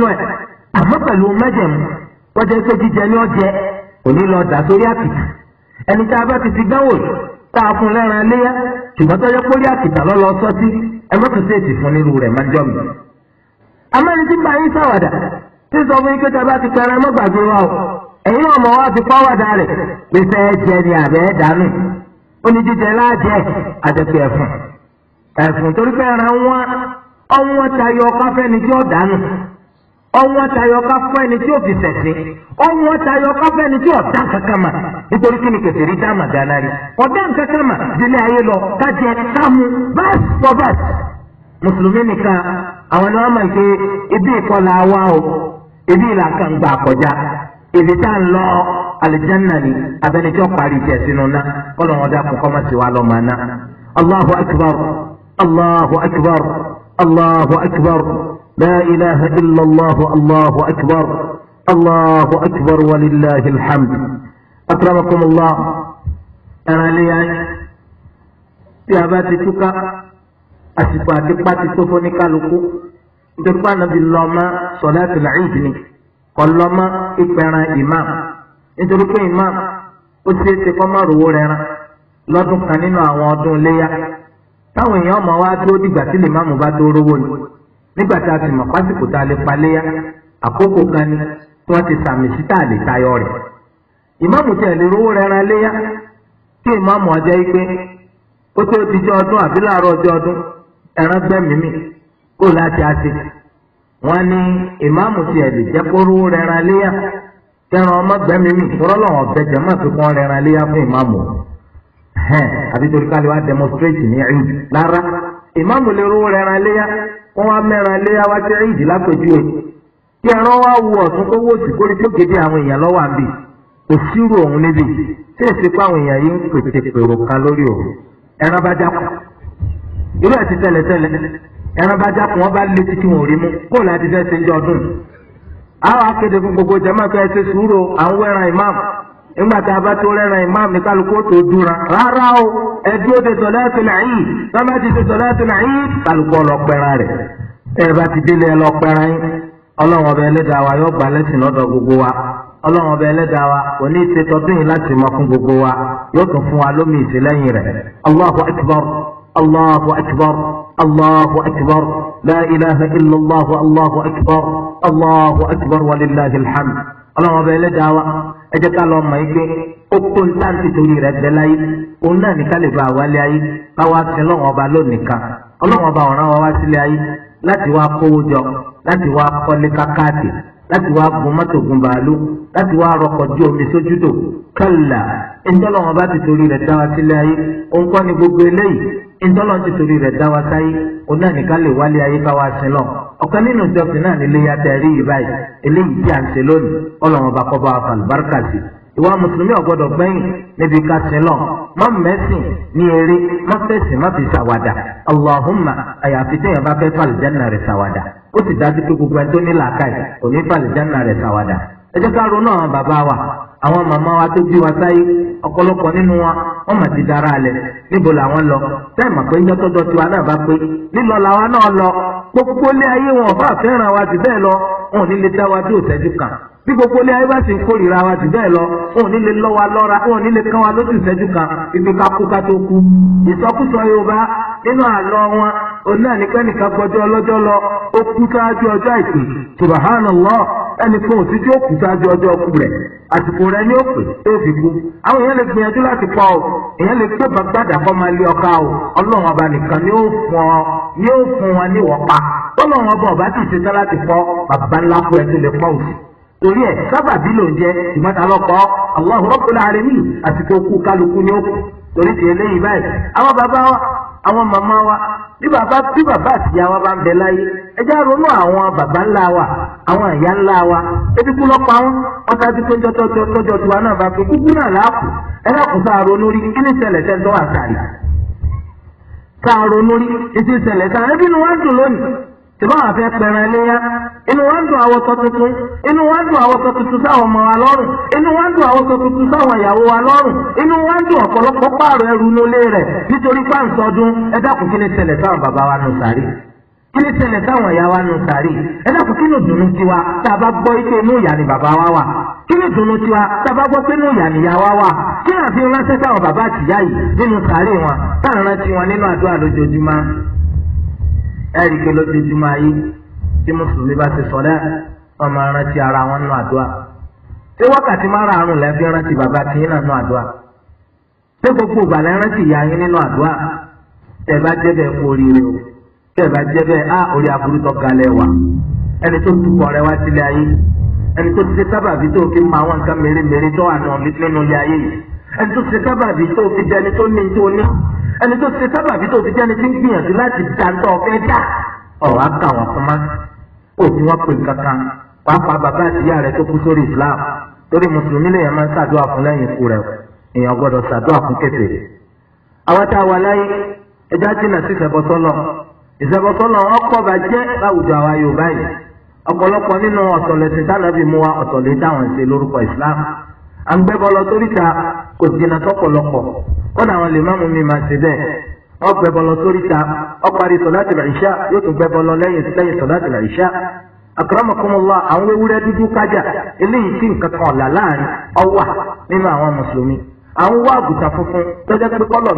bóyá àmọ́ pẹ̀lú mẹ́jẹ̀mú wọ́n jẹ́ pé jíjẹ ni ó jẹ ẹni a ti fi dánwò tá a fún lẹ́ran léyà ṣùgbọ́n tó yẹ kórí fún rẹ̀ mi. àmọ́ ẹni tí bá yín tí sọ fún yín pé a bá ti pẹran o ẹ̀yin ti pọ́wàdà rẹ̀ pé fẹ́ jẹ ni àbẹ́ dànù ní jíjẹ láàjẹ àtẹ̀pẹ̀ torí pé ẹran ọwọ́n tayọ ká fún ẹni tí ò fi sẹ̀sìn ọwọ́n tayọ ká fún ẹni tí ò dá kankan mà nítorí kí ni kẹsì rí dáàmà dáná rí ọ̀dá kankan mà délé ayé lọ kájẹ kámú báàsì pọ̀ báàsì. mùsùlùmí nìkan àwọn ni wọ́n mọ̀ pé ibi ìkọlà wa o ibi ìlàkà gbà kọjá ibi tá ń lọ alìjánná ni abẹnijọ́ parí jẹ sínú ná kọ́lọ̀ wọn dá má ti wá lọ́ màá ná. Allahu akbar Allahu akbar Allahu akbar. لا إله إلا الله الله أكبر الله أكبر ولله الحمد أكرمكم الله أنا لي يا باتي تكا أسفاتي باتي سوفوني كالوكو دقانا بالله صلاة العيد kọlọmọ ìpẹran imam nítorí pé imam ó ṣe é ṣe kọ́ mọ́ rówó rẹran lọ́dún kan nínú àwọn ọdún Leya. táwọn nígbà tá a ti mọ̀ pásìkò tá a lè paléyà àkókò kan ni tí wọ́n ti sàmì sí tá a lè tayọ rẹ̀ ìmáàmù tí a lè rówó rẹran kí ìmáàmù ọjọ́ yìí pé ó tó dijọ́ ọdún àbí ọjọ́ ọdún ẹran gbẹ̀mímì kó láti wọ́n ní ìmáàmù tí a lè jẹ́ kó rówó rẹran léyà kẹran ọmọ fi rẹran wọ́n wá mẹ́ran lé awájú ìdí lápẹ̀júwe kí ẹran wá wo ọ̀tún tó wò sí kórí tó gèdè àwọn èèyàn lọ́wọ́ àbí kò sírò òun níbi tí èsì pa àwọn èèyàn yìí ń pètè pèrò kan lórí òru ẹran bá jákù irú ẹ̀ ti tẹ́lẹ̀ tẹ́lẹ̀ ẹran bá jákù wọ́n bá lé títí wọn ò rí mú kó láti fẹ́ ṣe ń jọ ọdún. àwọn akéde fún gbogbo jẹ́mọ́ fẹ́ ṣe sùúrù àwọn ẹran ìmáàmù nígbà tí a bá tó rẹ́ran imam ní kálukú tó dúra rárá o ẹbí ó ti sọ̀láàtùl Eid bàbá ti ti sọ̀láàtùl Eid kálukú ọlọ́pẹ́ra rẹ̀ ẹ bá ti délé ẹlọ́pẹ́ra yín ọlọ́run ọba ẹlẹ́dàá wa yóò gbà lẹ́sìn lọ́dọ̀ gbogbo wa ọlọ́run ọba ẹlẹ́dàá wa kò ní í ṣe tọdún yìí láti mọ fún gbogbo wa yóò tún fún wa lómi ìsìlẹ́yìn rẹ̀ Allahu ọlọ́run ọba ẹlẹ́dàá wa ẹ jẹ́ ká lọ́ọ́ mọ̀ yí pé ó tó ń táǹtì torí rẹ̀ bẹ́ láyé òun náà ní ká lè ba àwálé ayé báwa sin ọlọ́run ọba lónìí kan ọlọ́run ọba ọ̀ràn wa sílé ayé láti wá kówó jọ láti wá kọ́lé kákáàtì láti wá gun mọ́tò gun bàálù láti wá rọkọ̀ ju omi sójúdò kálà ntọ́lọ́wọ́n bá ti torí rẹ̀ dá wa sílẹ̀ ayé òun kọ́ ni gbogbo eléyìí ntọ́lọ́wọ́n ti torí rẹ̀ dá wa sáyé òun náà nìkan lè wálé ayé ká wá sin lọ. ọ̀kan nínú ìjọsìn náà nílé ya tẹ̀ rí ìbáyì eléyìí tí à ń ṣe lónìí ọlọ́wọ́n bá kọ́ bá wa fàlù bárúkà sí. ìwà mùsùlùmí ọ̀gbọ́dọ̀ gbẹ́yìn níbi ká sin lọ má mẹ́sìn ní eré má fẹ̀sìn má fi ṣàwàdà allahumma àyàfi téèyàn bá fẹ́ fàlùjánà rẹ̀ ṣàwàdà ó sì dájú pé gbogbo ẹni tó ní làákàyè òní fàlùjánà rẹ̀ ṣàwàdà ẹ jẹ́ ká ronú àwọn bàbá wa àwọn màmá wa tó bí wa sáyé ọ̀pọ̀lọpọ̀ nínú wa wọ́n mà ti dára alẹ̀ níbo làwọn lọ sẹ́ẹ̀mà pé ńjọ́ tiwa náà bá pé lílọ làwa náà lọ gbogbo ilé ayé wọn ọ̀bá fẹ́ràn wa jù bẹ́ẹ̀ lọ wọn ò ní lè dá wa bí òṣẹ́jú kan bí gbogbo ilé ayé bá sì ń kórìíra wa jù bẹ́ẹ̀ lọ òun nílé lọ́wa lọ́ra òun nílé kán wa lójú ìṣẹ́jú kan ibi ká kú ká tó kú ìsọkúsọ yorùbá nínú àlọ́ wọn òun náà nìkan nìkan gbọ́jọ́ ọlọ́jọ́ lọ ó kú sáájú ọjọ́ àìsàn subhanallah ẹnì kan ò sí tí ó kú sáájú ọjọ́ ọkú rẹ̀ àsìkò rẹ̀ ni ó pè tó fi kú àwọn èèyàn lè gbìyànjú láti pa ọ èèyàn lè pé bàgbàdà kọ́ máa lé ọkà o ọlọ́run ọba nìkan ni ó fún ọ ni ó fún wọn ní wọ́n pa ọlọ́run ọba ọba ti ṣetán láti pọ́ bàbá ńlá fún ẹ tó lè pọ́ òsì. torí ẹ̀ sábàbí ló ń jẹ́ ìmọ̀ta lọ́kọ́ Allahu Rabbul Alamin àti tó kú kálukú ni ó torí ti eléyìí àwọn bàbá wa àwọn bá bẹ láyé ẹjẹ́ àwọn bàbá ńlá wa àwọn ńlá wa ṣùgbọ́n àwọn afẹ́ pẹ̀rẹ̀ léyà inú wọn dùn àwọn ọkọ tuntun inú wọn dùn àwọn ọkọ tuntun sáwọn ọmọ wa lọ́rùn inú wọn dùn àwọn ọkọ tuntun sáwọn ìyàwó wa lọ́rùn inú wọn dùn ọ̀pọ̀lọpọ̀ pààrọ̀ ẹrù nulẹ̀ rẹ̀ nítorí pàǹsọ̀dún ẹ dákun kí ni tẹ̀lẹ̀ sáwọn bàbá wa nù sàrí kí ni tẹ̀lẹ̀ sáwọn ìyá wa nù sàrí ẹ dákun kí ni dùnú tiwa tá a bá gbọ́ ike inú ìyá ni bàbá wa wà kí ni dùnú tiwa tá a bá gbọ́ pé inú ìyá ni ìyá wa wà kí ni àfihàn ránṣẹ́ sáwọn bàbá àtìyá yìí nínú sàrí wọn táà rántí wọn nínú àdúrà lójoojúmọ́ ẹ̀rí pé lójoojúmọ́ ayé tí mùsùlùmí bá ti sọ lẹ́ẹ̀ wọ́n máa rántí ara wọn nù àdúrà ṣé wákàtí márààrún lẹ́ fi rántí bàbá tiyín náà nù àdúrà ṣé gbogbo ìgbà lẹ́ rántí ìyá yín nínú àdúrà tẹ̀ bá jẹ́ bẹ́ẹ̀ kú oríire o tẹ̀ bá jẹ́ bẹ́ẹ̀ á orí aburú tó ga lẹ́wà ẹni tó tukọ̀ rẹ wá sílé ayé ẹni tó ti ṣe sábàbí tó fi máa wọn nǹkan mèremère tó wà nù ẹni tó ti sábàbí tó fi jẹ́ni tí ń gbìyànjú láti dá ọ̀fẹ́ dá ọ̀rọ̀ á kà wọ́n fún má òfin wọn pè kankan pàápàá bàbá rẹ̀ tó kú sórí Islam torí mùsùlùmí lèèyàn máa ń fún lẹ́yìn ikú rẹ̀ èèyàn gbọ́dọ̀ fún kèfèrí. àwọn tá a wà láyé ẹja jìnnà sí ìṣẹ̀bọ̀sọ́lọ̀ ìṣẹ̀bọ̀sọ́lọ̀ ọkọ̀ láwùjọ Yorùbá yìí ọ̀pọ̀lọpọ̀ wa Islam à ń gbẹ́bọ lọ sóríta kò jìnnà tọ́pọ̀lọpọ̀ kọ́nà àwọn lè má mú mi máa ṣe bẹ́ẹ̀ wọ́n ìṣá yóò tún lẹ́yìn lẹ́yìn sọ̀láàtì ìṣá. akramakumullah àwọn ewúrẹ́ dúdú kájà eléyìí tí nǹkan kan ọ̀là láàrin nínú àwọn mùsùlùmí àwọn wá àgùntàn funfun tọ́jà pé kọ́lọ̀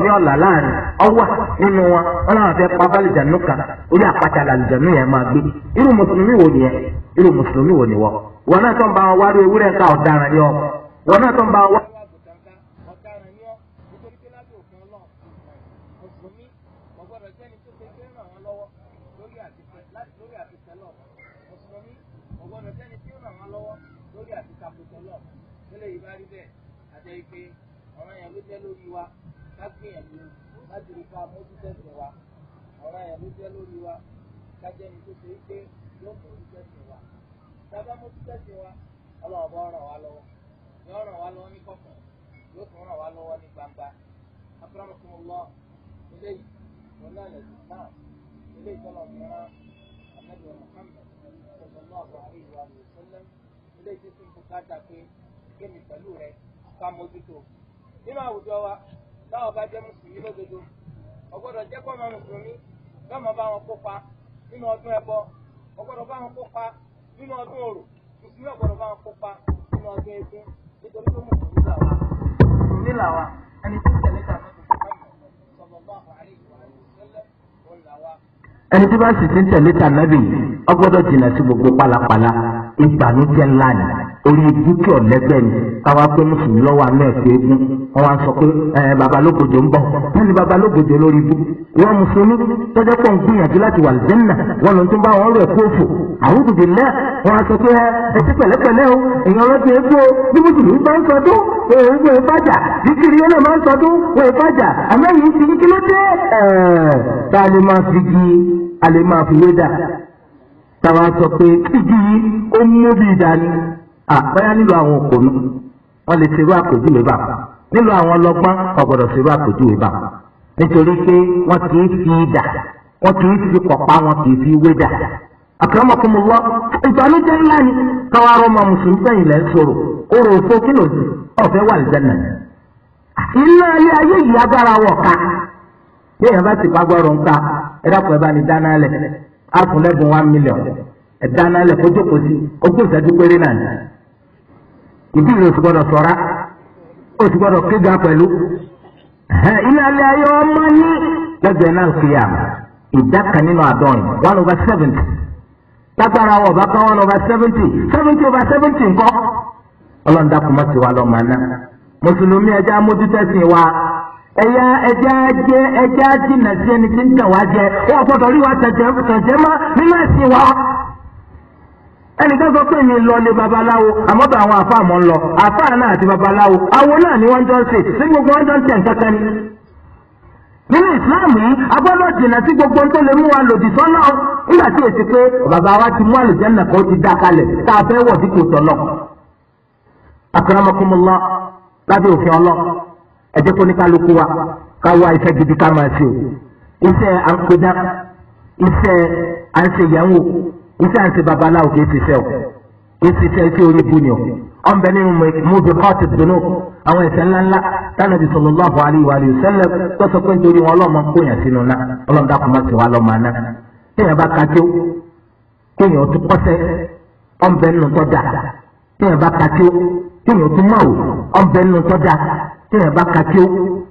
ní wọn náà tó ń bá wa. ọ̀daràn ni ọ́ nítorí pé lábẹ́ òfin ọlọ́run mùsùlùmí ọgbọ́dọ̀ jẹ́ni tó ṣe pé ràn wọ́n lọ́wọ́ lórí àtìsẹ́ lọ mùsùlùmí ọgbọ́dọ̀ jẹ́ni tó ọ̀ràn wa lọ́wọ́ yóò ràn wá lọ́wọ́ ní kọ̀kọ̀ yóò tún ràn wá lọ́wọ́ ní gbangba akọrọmọkùnrin ọlọ eléyìí wọn náà lè dùn náà eléyìí tọ́lọ̀ mìíràn anabi Muhammad sallallahu alayhi wa sallam eléyìí tó ti ń bùkátà pé kémi pẹ̀lú rẹ̀ ká mójútó nínú àwùjọ wa táwọn bá jẹ́ mùsùlùmí lódodo ọgbọ́dọ̀ jẹ́ kọ́ ọmọ mùsùlùmí lọ́mọ bá wọn kópa nínú ọdún ẹbọ ọgbọ́dọ̀ bá wọn kópa nínú ọdún orò mùsùlùmí ọgbọ́dọ̀ bá wọn kópa nínú ọdún eégún nítorí pé mo ní làwa mo ní làwa ẹni tó tẹ̀lé tàbí ẹni tí bá sì ti ń tẹ̀lé tànábì ọgbọ́dọ̀ jìnnà sí gbogbo pálapàla ìgbàlódé ńlá ni orí dúkìá lẹ́gbẹ́ ni káwá pé mùsùlùmí lọ́wọ́ àná ẹ̀sìn eégún wọn wá sọ pé ẹ babalógojo ń bọ̀ tẹ́lẹ̀ babalógojo lórí ibú wọn mùsùlùmí tọ́jọ́ pọ̀ ń gbìyànjú láti wà lẹ́nà wọn ló ń tún bá wọn rẹ̀ fófò àwùjọ bíi lẹ́ẹ̀ wọn á sọ pé ẹ ẹtí pẹ̀lẹ́pẹ̀lẹ́ o èèyàn ọlọ́dún egbò bí mùsùlùmí bá ń sọdún òun gbé ìfàjà bíkiri yẹn náà máa ń sọdún òun ìfàjà àmẹ́yìn ti ní kí ló dé ẹ̀ẹ́ tá a lè máa fi gi a lè máa fi wé dà táwa sọ pé igi yìí ó mú bí ìdání àbáyá nílò àwọn òkòlù wọn lè ṣerú àpèjúwe bá nílò àwọn ọlọ́gbọ́n ọgbọ́dọ̀ ṣerú àpèjúwe bá nítorí pé wọn kì í fi dà wọn kì í fi pọpá wọn kì í fi wé dà akramakumullah ìbànújẹ́ ńlá ni káwa rọmọ mùsùlùmí sẹ́yìn lẹ ń sọ̀rọ̀ ó rò ó fó kí ló dé ọ̀fẹ́ wà lìjánà ilé ayé ayé yìí agbára wọ ká bí èèyàn bá ti gbàgbọ́rọ̀ ńká ẹ dákun ẹ bá ní dáná lẹ á fún lẹ́bùn one million ẹ dáná lẹ kó jókòó sí ogún ìṣẹ́jú péré náà ìbílẹ̀ oṣù gbọ́dọ̀ sọ̀ra oṣù gbọ́dọ̀ kéga pẹ̀lú. ilé alẹ́ ayé ọmọ ní lẹ́gbẹ̀ẹ́ náà kiri àmà ìdá kan nínú àádọ́rin one over seventy lágbára wọ̀ bá kan one over seventy seventy over seventy ńkọ́. ọlọ́run dákun mọ́ sí wa lọ́ọ́ máa mùsùlùmí ẹja wa ẹ̀yà ẹja jẹ ẹja jìnnà sí ẹni tí ń tẹ̀ wá jẹ wọ́n rí wa ẹnì kan sọ pé mi lọ lé babaláwo àmọ́ bá àwọn àfa àmọ́ ń lọ àfa náà àti babaláwo àwọn náà ni wọ́n jọ ń ṣe sí gbogbo wọ́n jọ ń ṣe nǹkan ni. nínú ìsìláàmù yìí agbọ́dọ̀ jìnnà sí gbogbo tó lè mú wa lòdì sọ́nà nígbà tí èsì pé bàbá wa ti mú àlùjànnà kan ti dá kalẹ̀ tá a fẹ́ wọ̀ sí kò tọ̀nà. akramakumullah lábẹ́ òfin ọlọ́ ẹ jẹ́ kó ní kálukú wa ká wá iṣẹ́ gidi ká máa ṣe iṣẹ́ àǹkójá iṣẹ́ à isi a ń ṣe babaláwo kì í ti ṣe o kì í ti ṣe iṣẹ́ orí ibu ni o ọ̀n bẹ nínú mọ́bí kọ́ọ̀tì dùnú àwọn ẹ̀ṣẹ̀ wa alihi pé nítorí wọn sínú aná kéèyàn bá kájó kéèyàn tún da kéèyàn bá kájó kéèyàn tún o da kéèyàn bá kájó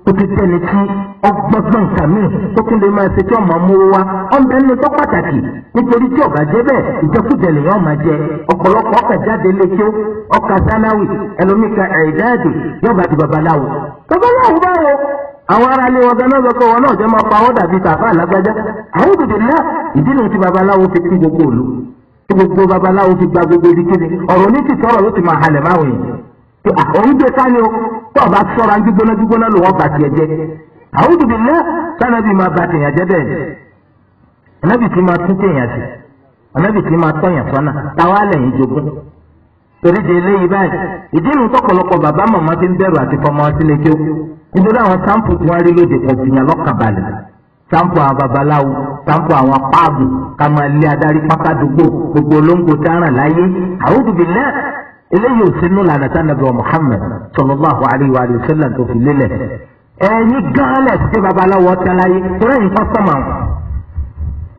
o ti sẹ́ni tí ọgbọ́gbọ́n kàmí tó tún lè máa ṣe tí ọmọ mú wa ọmọ ẹni tó pàtàkì nítorí tí ọ̀gá jẹ́ bẹ́ẹ̀ ìjẹkújẹ lèyàn máa jẹ ọ̀pọ̀lọpọ̀ ọkà jáde lékè ọkà sáláwì ẹlòmíkà ẹ̀ẹ́dáàdì yọba ti babaláwo. babaláwo báwo àwọn ará ilé ọgbẹ náà sọ pé wọn náà jẹ máa pa wọn dàbí tàfà alágbájá àwọn òdòdó náà ìdí nìyí tí babaláwo fi kí gbogbo òlu tí gbogbo babaláwo fi gba gbogbo ibi kíni ọ̀rọ̀ ní ti tọrọ ló ti máa halẹ̀ máa wòye. àwọn ìgbésà ni o tó ọba sọ́ra ń gbígbóná gbígbóná ló wọ́n bàtì ẹ̀jẹ̀ àwùjọ bí lẹ́ sànàbì máa bàtì èèyàn jẹ́ bẹ́ẹ̀ ànábì tí máa tún téèyàn sí ànábì tí máa sọ́nà táwa lẹ́yìn jogún torí di eléyìí báyìí ìdí nu bàbá màmá ń bẹ̀rù àti fọmọ nítorí àwọn tí wọ́n rí lóde àwọn babaláwo àwọn páàbù gbogbo olóńgbò láyé àwùjọ lẹ́ eléyìí ò sí nínú lànà tá nàbẹ wa Muhammad sallallahu alayhi wa sallam tó fi lélẹ̀ ẹ̀yin gánlẹ sí babaláwo tẹláyé torí ẹ̀yin kọsọmọ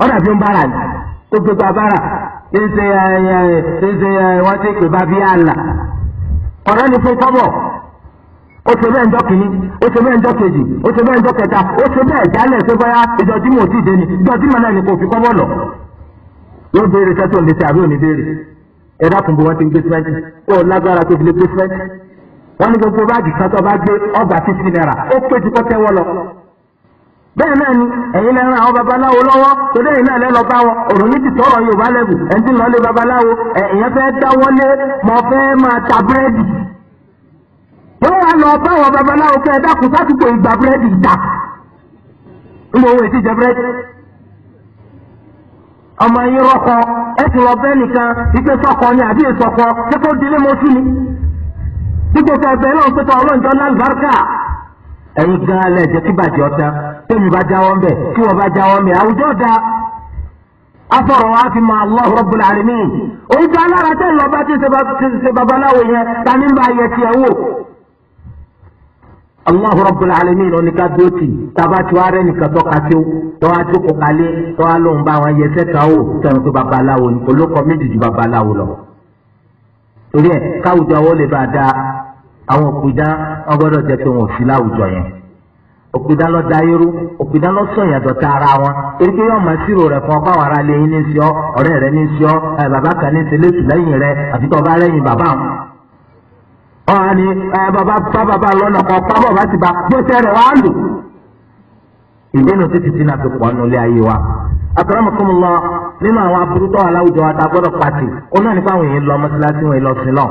ọdà fi ń bára ní gbogbo bàbára ẹsẹ ẹsẹ wọn ti pè bá bí àlà ni fún kọ́bọ̀ O ṣe bẹ́ẹ̀ ńjọ́ kìíní ó ṣe bẹ́ẹ̀ ńjọ́ kejì ó ṣe bẹ́ẹ̀ ńjọ́ kẹta ó ṣe bẹ́ẹ̀ jálẹ̀ ṣe bọ́yá ìjọ́jú mọ̀ ò tí ì dé ni ìjọ́jú mọ̀ náà ni kò fi lọ yóò ẹ̀dá tó ń bọ̀ wọ́n ti ń gbé twenty ó lágbára tó fi lè gbé twenty wọ́n ní gbogbo báàgì kan tó bá gbé ọgbà fifty naira ó pé ju kọ́ tẹ́wọ́ lọ. bẹ́ẹ̀ náà ni ẹ̀yin lẹ́ran àwọn babaláwo lọ́wọ́ tó lẹ́yìn náà lẹ́lọ bá wọn òrùn ní ti tọrọ yorùbá lẹ́gùn ẹni tí ń lọ lé babaláwo ẹ̀yìn fẹ́ dáwọ́lé mọ fẹ́ máa ta búrẹ́dì. wọ́n wá lọ bá wọn babaláwo kẹ́ ẹ sátúgbò ìgbà búrẹ́dì dà ọmọ yín rọkọ ẹ ti lọ bẹ́ẹ̀ nìkan ìgbé sọkọ ni àbí ìsọkọ ṣé kó dilé mọ́tú ni dípò tó ọbẹ̀ náà pé tó ọlọ́njọ́ náà lùbáríkà ẹ̀yin gan alẹ́ jẹ́ kí bàjẹ́ ọ̀tá tẹ́mi bá jáwọ́ mbẹ̀ kí wọ́n bá jáwọ́ mbẹ̀ àwùjọ da afọ̀rọ̀ wa fi mọ Allah Rabbul Alamin òun tó alára tẹ́ lọ́ba tí ṣe babaláwo yẹn ta ní bá yẹ tiẹ̀ wò. Allahu Rabbul Alamin ni ní ká dúró tì tàbá tí wàá rẹ nìkan tó ka tí ó tó wàá jókòó kalẹ̀ tó wàá lóun bá wọn baba ká ó sẹnu tó babaláwo ni olókọ méjì ju babaláwo lọ. torí ẹ káwùjọ àwọn olè bá da àwọn òpìdán wọn gbọ́dọ̀ jẹ pé wọn ò sí láwùjọ yẹn òpìdán lọ da irú òpìdán lọ sọ yẹn dọ̀tá ara wọn torí pé yóò máa sírò rẹ fún ọgbà wàrà lẹ́yìn ní sọ ọ̀rẹ́ rẹ ní sọ bàbá kan ní sẹlẹsù lẹ́yìn rẹ àti tọba lẹ́yìn bàbá wọn ọ̀hán ni bàbá bá bàbá lọ́nà kan pa bàbá ti bá gbèsè rẹ̀ wá lò. ìdènà tó ti dínà fi pọ̀ nù ilé ayé wa. àtàràmọ̀kọ́mọ lọ nínú àwọn aburútọ́ aláwùjọ wa ta gbọ́dọ̀ pàtì òun náà nípa àwọn èèyàn lọ mọ́sálásí wọn lọ sí lọ.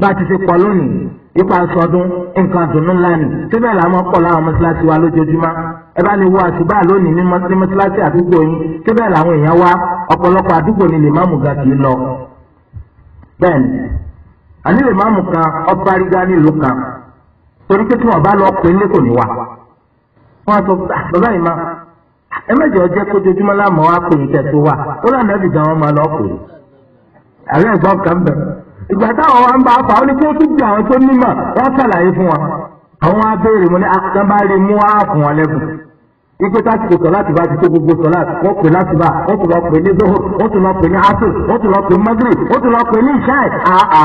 bá a ti ṣe pọ̀ lónìí ipa sọdún nǹkan dùnú ńlá ni síbẹ̀ là máa pọ̀ láwọn mọ́sálásí wa lójoojúmọ́ ẹ bá lè wo àṣùbà lónìí ní mọ́sálásí àdúgbò yín síbẹ̀ làwọn èèyàn wá ọ̀pọ̀lọpọ̀ àdúgbò ni lè má mú gàkì lọ. bẹ́ẹ̀ni àní lè máàmù kan ọba arígá nílùú kan torí pé tí wọn bá lọ pé lẹkọọ ní wa wọn á sọ ah, bàbá yìí máa ẹ mẹjọ jẹ kó dojúmọ láàmú wa pè yín kẹtó wa ó lànà ẹbí gan wọn máa lọ pè yín àárẹ ẹ̀gbọ́n kan bẹ ìgbà táwọn wa ń bá fa ó ní kí ó tún gbé àwọn tó nímọ̀ wọn ṣàlàyé fún wọn àwọn abéèrè mo ní àtàbárí ah, mú wá fún wọn lẹbùn ike tásìkò sọláàtì bá ti tó gbogbo sọláàtì wọn pè láti bá wọn tún lọ pè ní zohor wọn tún lọ pè ní asu wọn tún lọ pè ní magre wọn tún lọ pè ní iṣẹ àà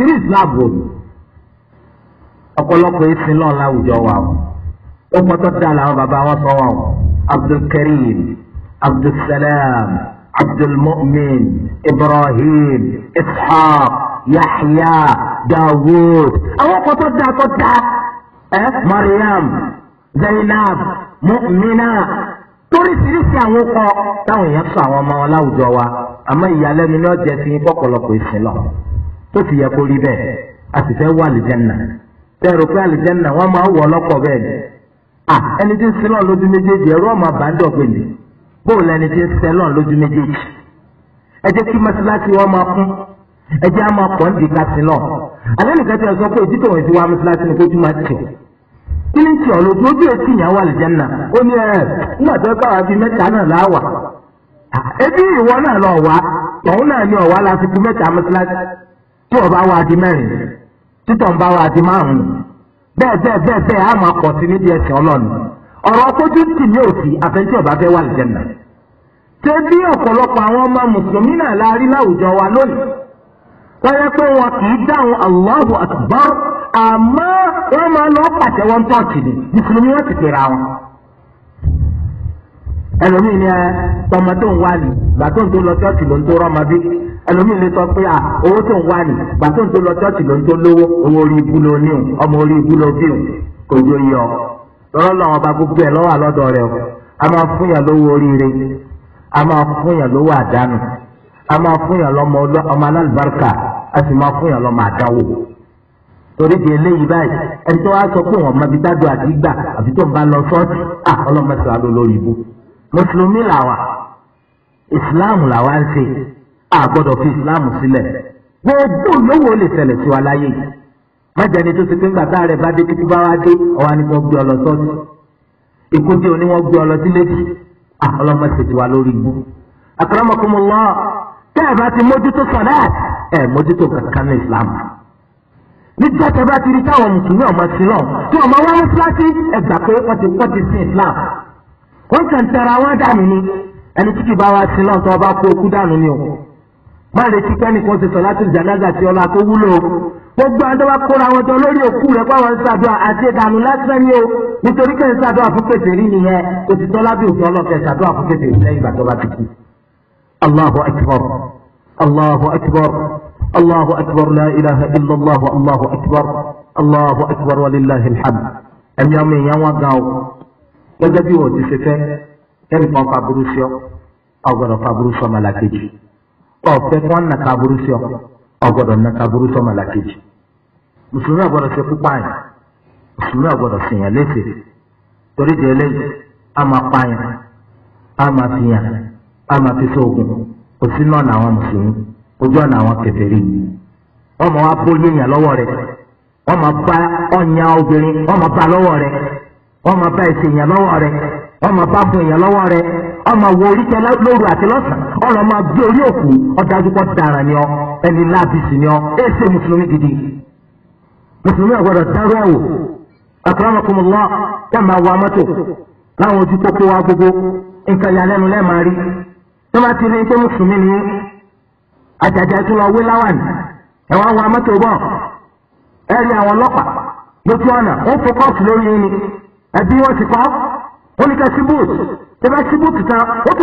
irú islam wò ni. ọ̀pọ̀lọpọ̀ ìsìn náà láwùjọ wa o ó pọtọ́ dá làwọn bàbá wọn sọ wọn o abdulkareem abdulsalam abdulmumin ibrahim ishaq yahya dawud àwọn pọtọ́ dá tó ẹ mariam zainab. mọ́mìnà toríṣiríṣi àwọn ọkọ táwọn èèyàn sọ àwọn ọmọ wa àmọ́ ìyàlẹ́nu ni ọ̀jẹ̀ ti pọ̀pọ̀lọpọ̀ ìsìn lọ tó ti yẹ kó rí bẹ́ẹ̀ a sì fẹ́ wà àlìjẹ́nà tẹ́rù pé àlìjẹ́nà wọ́n máa wọ̀ bẹ́ẹ̀ ni à ẹni tí ń sin lọ́n lójú méjèèjì ẹ̀rọ ọmọ àbádọ́ bóòlù ẹni tí ń sin lọ́n lójú méjèèjì ẹ jẹ́ kí wọn kí ni sọ ló wa yẹn wà lẹ́jẹ̀ náà ó ní ẹ nígbà tó bá wa mẹ́ta náà láwà ebi ìwọ náà lọ wá tọ̀hún náà ọ̀wá la fi mẹ́ta tí ọba wa di mẹ́rin títọ̀ ń bá wa di márùn-ún bẹ́ẹ̀ bẹ́ẹ̀ bẹ́ẹ̀ bẹ́ẹ̀ á máa pọ̀ sí níbi ẹ̀sìn ọlọ́run ọ̀rọ̀ kójú tì ní òsì ọba fẹ́ wà lẹ́jẹ̀ náà ṣé bí ọ̀pọ̀lọpọ̀ àwọn ọmọ mùsùlùmí náà la rí láwùjọ wa lónìí wọ́n yẹ àmọ́ wọ́n máa lọ pàtẹ́wọ́ ń tọ́ọ̀tì ni mùsùlùmí wọ́n ti pèrè àwọn. ẹlòmíì ni ah, ọmọ tó ń wá ní bàtó ń tó lọ tọ́ọ̀tì ló ń tó rọ́mọ bí ẹlòmíì lè sọ pé ah, owó tó ń wá ń tó lọ tọ́ọ̀tì ló ń tó lówó owó orí ibú ọmọ orí ibú yọ ọba gbogbo ẹ̀ lọ́wọ́ àlọ́dọ̀ a máa fún yàn lówó oríire a máa fún yàn lówó àdánù a máa fún yàn lọ́mọ a sì máa fún yàn lọ́mọ àdáwò. torí di eléyìí báyìí ẹni tó wá sọ pé wọn mọ ibi dájú àdígbà àbí tó ń bá lọ ṣọ́ọ̀ṣì à ọlọmọsọ àlọ lórí ibu mùsùlùmí làwà ìsìláàmù làwà ń ṣe à gbọ́dọ̀ fi ìsìláàmù sílẹ̀ gbogbo lówó lè ṣẹlẹ̀ sí wa láyé yìí májàni tó ti pín gbàtà rẹ bá dé kíkú bá wá dé ọwọ ni wọn gbé ọ lọ ṣọ́ọ̀ṣì ikú dé òní wọn gbé ọ lọ sílé kí à ọlọmọsọ ti wà lórí ibu àkàràmọkùnmọ lọ tẹ ẹ bá ti mójútó sọdá ẹ mójútó kankan ní nígbà tẹ bá ti rí táwọn mùsùlùmí ọmọ sí náà tí ọmọ wọn ń fúláṣí ẹgbà pé wọ́n ti pọ́ ti sí islam wọ́n kàn tẹ̀ra wọn dànù ni ẹni tí bá wá sí náà tó ọba kó okú dànù ni o má retí pé ẹnìkan ti sọ láti jàdáza tí ọlá tó wúlò o gbogbo àwọn tó bá kóra wọn jọ lórí òkú rẹ pé àwọn ṣàdúrà àti ìdànù lásán ni o nítorí pé ṣàdúrà fún pèsèrè nìyẹn kò sì òfin ọlọ́fẹ́ ṣàdúrà Allahu akbar Allahu akbar. الله أكبر لا إله إلا الله الله أكبر الله أكبر ولله الحمد أم يوم يوم قاو وجبي أم أو فكوان نكابروسيو أو نكابروسيو torí di a máa pààyàn a máa fìyàn a máa fi sóògùn kò sí náà làwọn mùsùlùmí. ojú ọ̀nà àwọn kèfèrí wọ́n máa wá bó yéèyàn lọ́wọ́ rẹ̀ wọ́n máa bá ọ̀nyà obìnrin wọ́n máa bá lọ́wọ́ rẹ̀ wọ́n máa bá ẹ̀sìn èèyàn lọ́wọ́ bá bùn èèyàn lọ́wọ́ wo oríkẹ́ lóru àti lọ́sàn ọ̀rọ̀ ọ ẹni láàbìsì ni ọ ẹ ṣe mùsùlùmí gidi mùsùlùmí àgbọ̀dọ̀ dárú ẹ̀wò àkàràmọ̀kùnmọ̀lá àjàjà tún lọ wé láwàní ẹ wá wa mọ́tò bọ̀ ẹ rí àwọn ọlọ́pàá lójú ọ̀nà ó fọkọ́ọ̀sì lórí yín ni ẹbí wọn ti pa ọ́ ó ní ká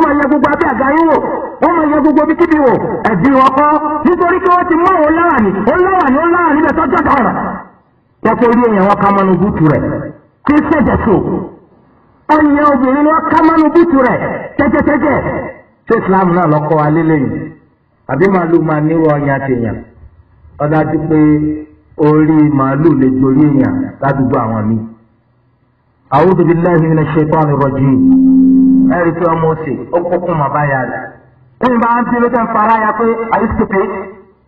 na bóòtù bá tán ó tún máa yẹ gbogbo abẹ́ àga yín wò ó máa yẹ gbogbo bí kíbi wò ẹbí wọn kọ nítorí pé ti mú èèyàn wọn ká kí àbí màálù máa nírú ọyàn àtẹ̀yàn ọdájú pé orí màálù lè jorí èèyàn ládùúgbò àwọn mi. a'udhu billahi minash shaitani rajim ẹ̀rí pé ọmọ òsè ó kókó mà bá yà rẹ̀. lẹ́yìn bá ń bí lókè ń fara ya pé àyíṣepé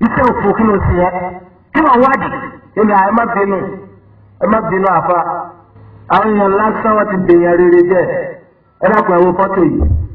iṣẹ́ òfò kí ló sì yẹ kí wọ́n wádìí èmi àyè má bínú ẹ má bínú àfa àwọn èèyàn lásán wọn ti dèèyàn rere jẹ ẹ dákun ẹ wo fọ́tò yìí.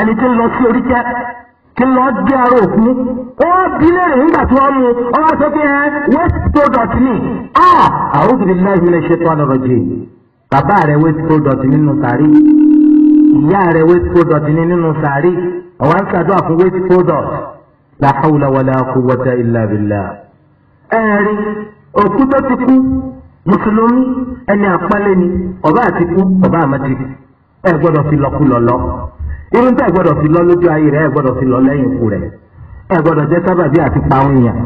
ẹni tí ń lọ sí oríkẹ́ tí ń lọ gbé ara òkú ó bí léèrè nígbà tí wọ́n mú ọ wá sọ pé ẹ waste product ni a ah, a'udhu billahi minash shaitanir rajim bàbá rẹ waste product nínú sàárì ìyá rẹ waste product nínú sàárì ọ̀wá ń ṣàdúrà fún waste product la hawla wala quwwata illa billah ẹ̀rí òkú tó ti kú mùsùlùmí ẹni àpálẹ́ ni ọba àti kú ọba àmàtìkú ẹ gbọ́dọ̀ fi lọ́kùlọ́ lọ irú tẹ́ ẹ gbọ́dọ̀ fi lọ lójú ayé rẹ ẹ gbọ́dọ̀ fi lọ lẹ́yìn ikú rẹ ẹ gbọ́dọ̀ jẹ́ sábàbí àti pàrọ̀ èèyàn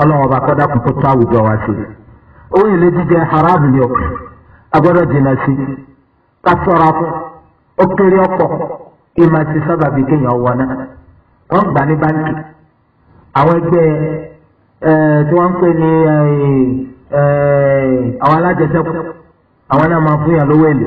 ọlọ́run ọba kọ́dá kò tó tó àwùjọ wa sí owó ilé jíjẹ haram ni ọkọ agbọ́dọ̀ jìnnà sí ká ṣọ́ra fún ó kéré ọkọ ìmọ̀ ti sábàbí kéèyàn wọ náà wọ́n gbà ní báńkì àwọn ẹgbẹ́ tí wọ́n ń pè ní àwọn alájẹsẹ́kù àwọn náà máa fún yàn lówó èlé.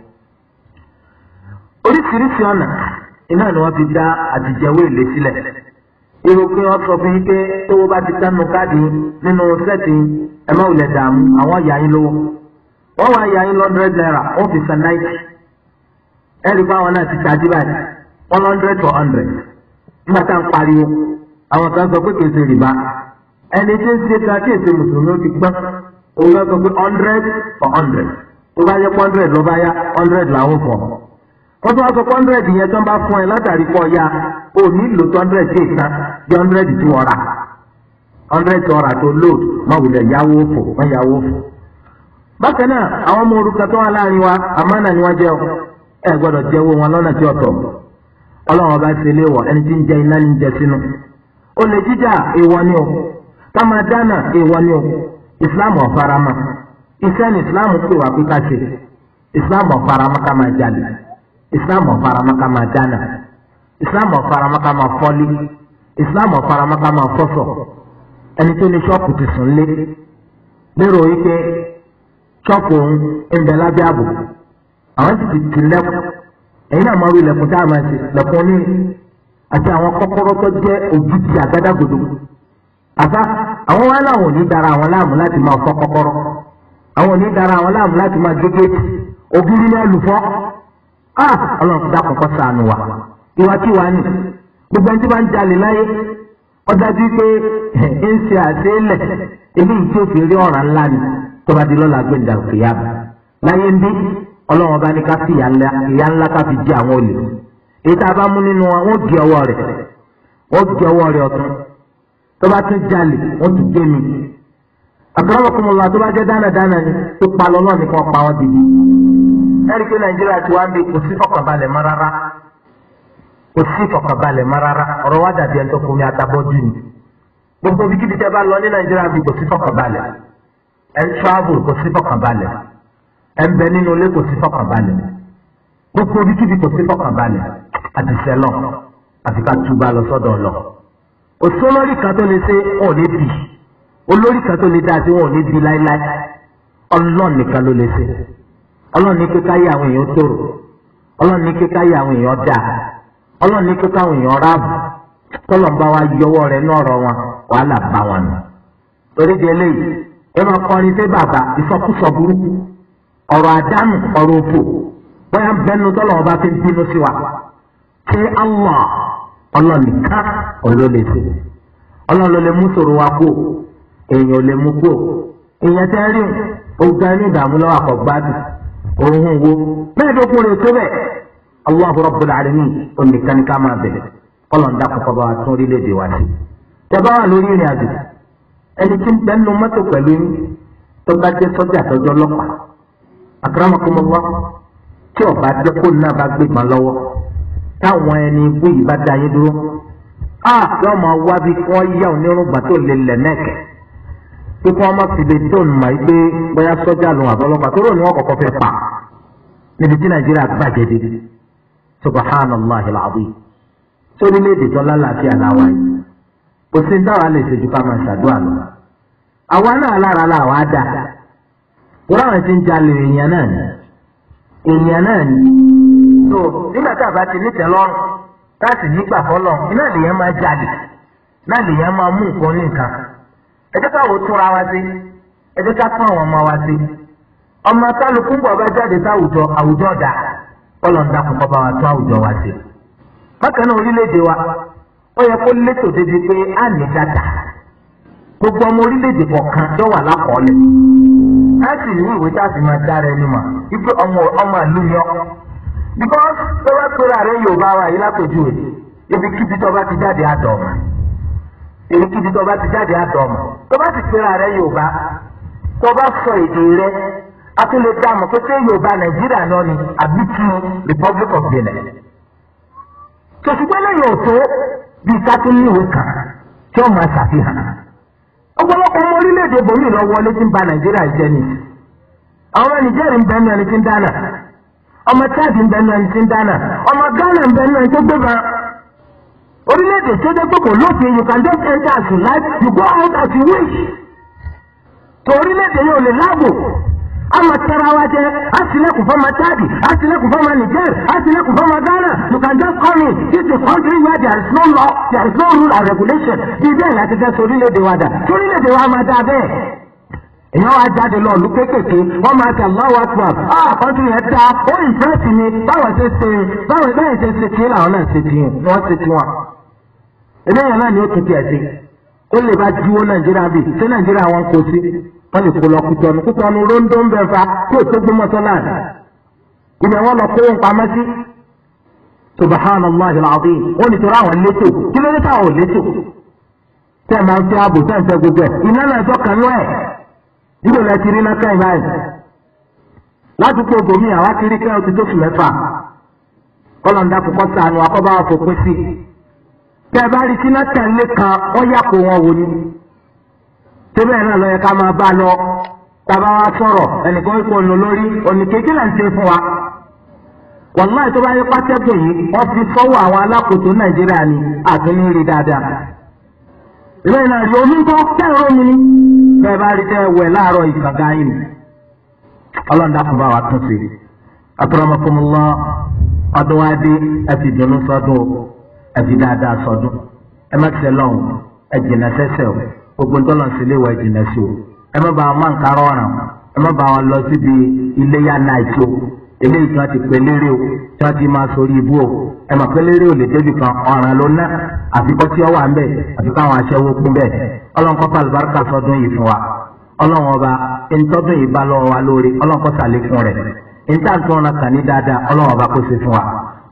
oríṣiríṣi ọ̀nà iná ni wọ́n ti dá àtijẹ́wé èlé sílẹ̀ irú pé wọ́n sọ fún yín pé owó bá ti tánu káàdì nínú sẹ́ẹ̀tì ẹ má wulẹ̀ dààmú àwọn yà yín lówó wọ́n wá yà yín lọ́ndrẹ́d náírà wọ́n fi náìtì ẹ̀rí àwọn náà ti báyìí for hundred nígbà tá à ń pariwo àwọn kan sọ pé kèsì rìbá ẹni tí ń ṣe ta mùsùlùmí ó wọ́n tún wá sọ hundred yẹn tó ń bá fún ẹ ya o nílò tó hundred dé ìtàn bí hundred tí wọ́n rà hundred rà tó load má wulẹ̀ yáwó fò má yáwó fò. bákan náà àwọn ọmọ orúkọ tó wà láàrin wa ni wọ́n jẹ́ o ẹ gbọ́dọ̀ jẹ́wọ́ wọn lọ́nà tí ọ̀tọ̀ ọba ẹni tí ń jẹ iná ní jẹ sínú jíjà ni o dáná ni o islam ọ̀farama iṣẹ́ islam wá islam ọ̀faramaka máa dáná islam ọ̀faramaka máa fọ́lé islam ọ̀faramaka máa fọ́sọ̀ ẹni tó ní ṣọ́ọ̀pù ti sùn lé lérò wípé ṣọ́ọ̀pù òun ń bẹ lábẹ́ ààbò àwọn ti ti lẹ́kùn ẹ̀yin náà máa wí lẹ́kùn tá a máa ṣe lẹ́kùn ní àti àwọn kọ́kọ́rọ́ tó jẹ́ òjijì àgádágodo àbá àwọn wa làwọn ò ní dara àwọn láàmú láti máa fọ́ kọ́kọ́rọ́ àwọn ò ní dara àwọn láàmú láti máa dégé ògiri náà lù Ah, ọlọ́run dá kọ́kọ́ sànù wa ìwà tí wàá nì gbogbo ẹni tí bá ń jalè láyé ó dájú pé eh, ń ṣe àṣeélẹ̀ eléyìí tí ó rí ọ̀ràn ńlá ni tó bá di lọ́la gbẹ̀dà òkèèyà láyé ń bí ọlọ́run ọba ní ká ìyá ńlá ká fi àwọn olè èyí tá a bá mú nínú di ọwọ́ rẹ̀ di ọwọ́ ẹ̀rí pé nàìjíríà ti wá bí kò sí fọkànbalẹ̀ mọ́ rárá kò sí fọkànbalẹ̀ mọ́ rárá ọ̀rọ̀ wa dàbí ẹni tó fún mi àtàbọ̀dù ni gbogbo bí kíbi bá lọ ní nàìjíríà bí kò sí fọkànbalẹ̀ ẹ̀ ń travel kò sí fọkànbalẹ̀ ẹ̀ ń bẹ nínú ilé kò sí fọkànbalẹ̀ gbogbo bí kíbi kò sí fọkànbalẹ̀ àdìsẹ́ lọ àti ká túbà lọ sọ́dọ̀ lọ òsó kan tó lè ṣe wọn ò ní bì olórí kan tó lè dá sí wọn ò ní bì láéláé ọlọ́ọ̀ nìkan ló lè ṣe ọlọ́run ní kíkà yí àwọn èèyàn tòrò ọlọ́run ní kíkà yí àwọn èèyàn dà ọlọ́run ní kíkà àwọn èèyàn ráàbù tọ́lọ̀ ń bá wa yọwọ́ rẹ̀ nọ̀rọ̀ wọn wàhálà bá wọn nù. torí di eléyìí ẹ máa kọrin sí bàbá ìsọkúsọ burúkú ọ̀rọ̀ àdánù ọ̀rọ̀ òfò bóyá bẹnu tọ́lọ̀ ọba ti ń bínú sí wa. ṣé Allah ọlọ́nìkan ọ̀rọ̀ lè ṣe ọlọ́run ló lè mú sòrò wa kú òhun wo bẹ́ẹ̀ ló kún lè tó bẹ́ẹ̀ Allahu Rabbul Alamin onìkan ká máa bẹ̀rẹ̀ kọ́lọ̀ ń dákun kọ́ bá wa tún orílẹ̀-èdè wa sí. tẹ́bá wà lórí ìrìn àjò ẹni tí ń bẹ́ nu mọ́tò pẹ̀lú táwọn ẹni ìbá dúró. a yọ ma wá bí wọ́n yá onírúgbà tó lè lẹ̀ pé kí wọ́n má fi lè tó nùmọ̀ yìí pé bóyá sọ́jà lòun àbọ̀lọ́pàá tó rò ní wọ́n kọ̀kọ́ fẹ́ pa níbi tí nàìjíríà dé sórí lálàáfíà náà lára dà wọ́n àwọn ti ń jalè èèyàn náà ni èèyàn náà ni tó nígbà tá a bá ti nítẹ̀ lọ́rùn láti nígbà fọlọ́ iná lèèyàn máa jalè náà lèèyàn máa mú nǹkan ẹ jẹ́ káwọ́ túnra wa sí ẹ jẹ́ ká tún àwọn ọmọ wa sí ọmọ kálukú bọ̀ bá jáde sáwùjọ àwùjọ dà kọ́lọ̀ ń dákun kọ́ bá wa tún àwùjọ wa sí. bákan náà orílẹ̀-èdè wa ó yẹ kó létò débi pé á ní dàda gbogbo ọmọ orílẹ̀-èdè kọ̀ọ̀kan tó wà lákọọ́lẹ̀ á sì rí ìwé tá a sì máa dára ẹni mọ̀ wípé ọmọ ọmọ ìlú yọ. because tó bá pera rẹ Yorùbá wa yìí látòjú rẹ̀ ibi èyíkébi tó bá ti jáde ti pera rẹ yorùbá tó sọ èdè rẹ a tún lè ni àbí ti republic of benin tòṣùgbọ́n lẹ́yìn òtó bíi sátúnú ìwé kan tí ó máa ṣàfihàn ọ̀pọ̀lọpọ̀ ọmọ orílẹ̀-èdè bòmí lọ wọlé tí ń ba nàìjíríà jẹ́ ni àwọn ọmọ nìjẹ́rì ń bẹ́ẹ̀ náà ni ti ń dáná ọmọ orílẹ̀-èdè tí ó jẹ́ pé kò lófin you can just enter as you like you go out as you wish tó orílẹ̀-èdè yóò lè láàbò àwọn tẹ́ra wa jẹ asilẹ̀kùn fọ́mà chadi asilẹ̀kùn fọ́mà niger asilẹ̀kùn fọ́mà ghana you can just call me this is country where there is no law there is no rule and regulation ibẹ̀ láti fẹ́ sórílẹ̀-èdè wa dà sórílẹ̀-èdè wa máa dà bẹ́ẹ̀ èèyàn wá jáde lọ ọ̀lú kéékèèké wọ́n máa ṣe Allahu Akbar ah kọ́ńtù yẹn dá ó ìfẹ́ sí ni báwọn ṣe ṣe báwọn ṣe ṣe kí làwọn náà ṣe ti wọ́n ṣe ti wọn. eléyìí náà ni ó tún tiẹ̀ ó lè bá jiwo nàìjíríà bì ṣé nàìjíríà wọn kò sí wọn lè kó lọ kútọnu kútọnu róńdó ń bẹ fa kí o tó gbé mọ́tò náà ibẹ̀ wọn lọ kó wọn pamọ́ sí subahana allah alazim ó ní torí àwọn létò kí ló dé táwọn ò létò tẹ́ ẹ̀ máa ń fẹ́ ààbò tẹ́ ẹ̀ ń fẹ́ gbogbo ẹ̀ iná náà ẹ̀fọ́ kan lọ́ẹ̀ nígbà láti rí náà báyìí kiri tó fi mẹ́fà ń akọ́bá tẹ́ẹ̀bá rí síná tẹ̀lé kan ó yàkó wọn wò ni tẹ́bẹ̀ náà lọ yẹ ká máa bá lọ tàbá wa sọ̀rọ̀ ẹnìkan ó pọnù lórí òní kékeré là ń ṣe fún wa wàláì tó bá yẹ fi fọ́wọ́ àwọn alákòóso nàìjíríà ni àtúnú rí dáadáa ìwé omi tó kẹ́rọ mi ni bẹ́ẹ̀ a rí wee wẹ̀ láàárọ̀ ìkàgá yìí ni wa tún sí i ẹ̀fi dáadáa sọdún ẹ má tẹ lọ́hùn ẹ jìnà sẹ́sẹ̀ o gbogbo ń tọ́lọ̀ sílé wa ẹ jìnà sí o ẹ má bá wọn má nkárọ̀ ọ̀ràn ẹ má bá wọn lọ síbi iléyà náìtì o eléyìí tí wọ́n ti pè lérè o tí wọ́n ti máa sórí ibú o ẹ mọ̀ pé lérè o lè débi kan ọ̀ràn ló ná àfikọ́ tí ó wà ń bẹ̀ àfikọ́ àwọn aṣẹ́wó kún bẹ̀ ọlọ́nkọ́ pàlùbáríkà sọdún yìí fún wa ọlọ́run ọba ntọ́dún yìí bá lọ́wọ́ wa lórí ọlọ́nkọ́ sàlékún rẹ̀ ntàntún ọ̀nà kàní dáadáa ọlọ́run ọba kó ṣe fún wa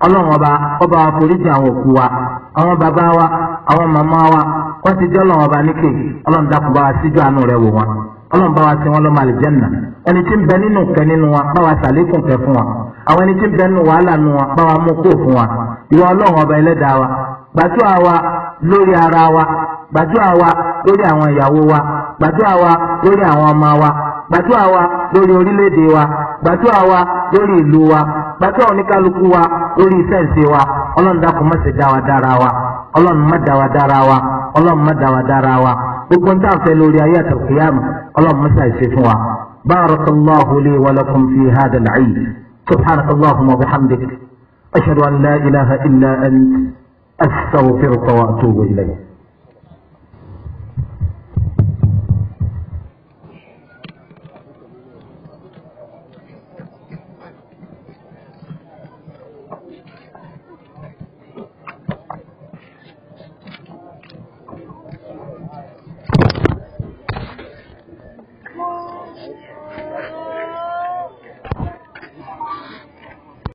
ọlọ́run ọba ọba àforíjì àwọn òkú wa àwọn bàbá wa àwọn màmá wa wọ́n ti jẹ́ ọlọ́run ọba níkè ọlọ́run dákun bá wa síjú àánú rẹ̀ wò wọn ọlọ́run bá wa sí wọn lọ́mọ àlìjẹ́nà ẹni tí ń bẹ nínú kẹ nínú wa bá wa sàlékùn kẹ fún wa àwọn ẹni tí ń bẹ nínú wàhálà nínú wa bá wa mú kó fún wa ìwọ ọlọ́run ọba ẹlẹ́dàá wa gbàdúrà wa lórí ara wa gbàdúrà wa lórí àwọn ìyàwó wa gbàdúrà wa lórí àwọn ọmọ wa gbàdúrà wa lórí orílẹ̀-èdè wa gbàdúrà wa lórí ìlú wa gbàdúrà oníkálukú wa lórí iṣẹ́ ìṣe wa ọlọ́run dákun má ṣe dá wa dára wa ọlọ́run má dá wa dára wa ọlọ́run má dá wa dára wa gbogbo nta fẹ́ lórí ayé àtàkùyàmù ọlọ́run má ṣàìṣe fún wa. barakallahu li wa lakum fi hada al-eid subhanaka allahumma wa bihamdik ashhadu an la ilaha illa ant astaghfiruka wa atubu ilayk.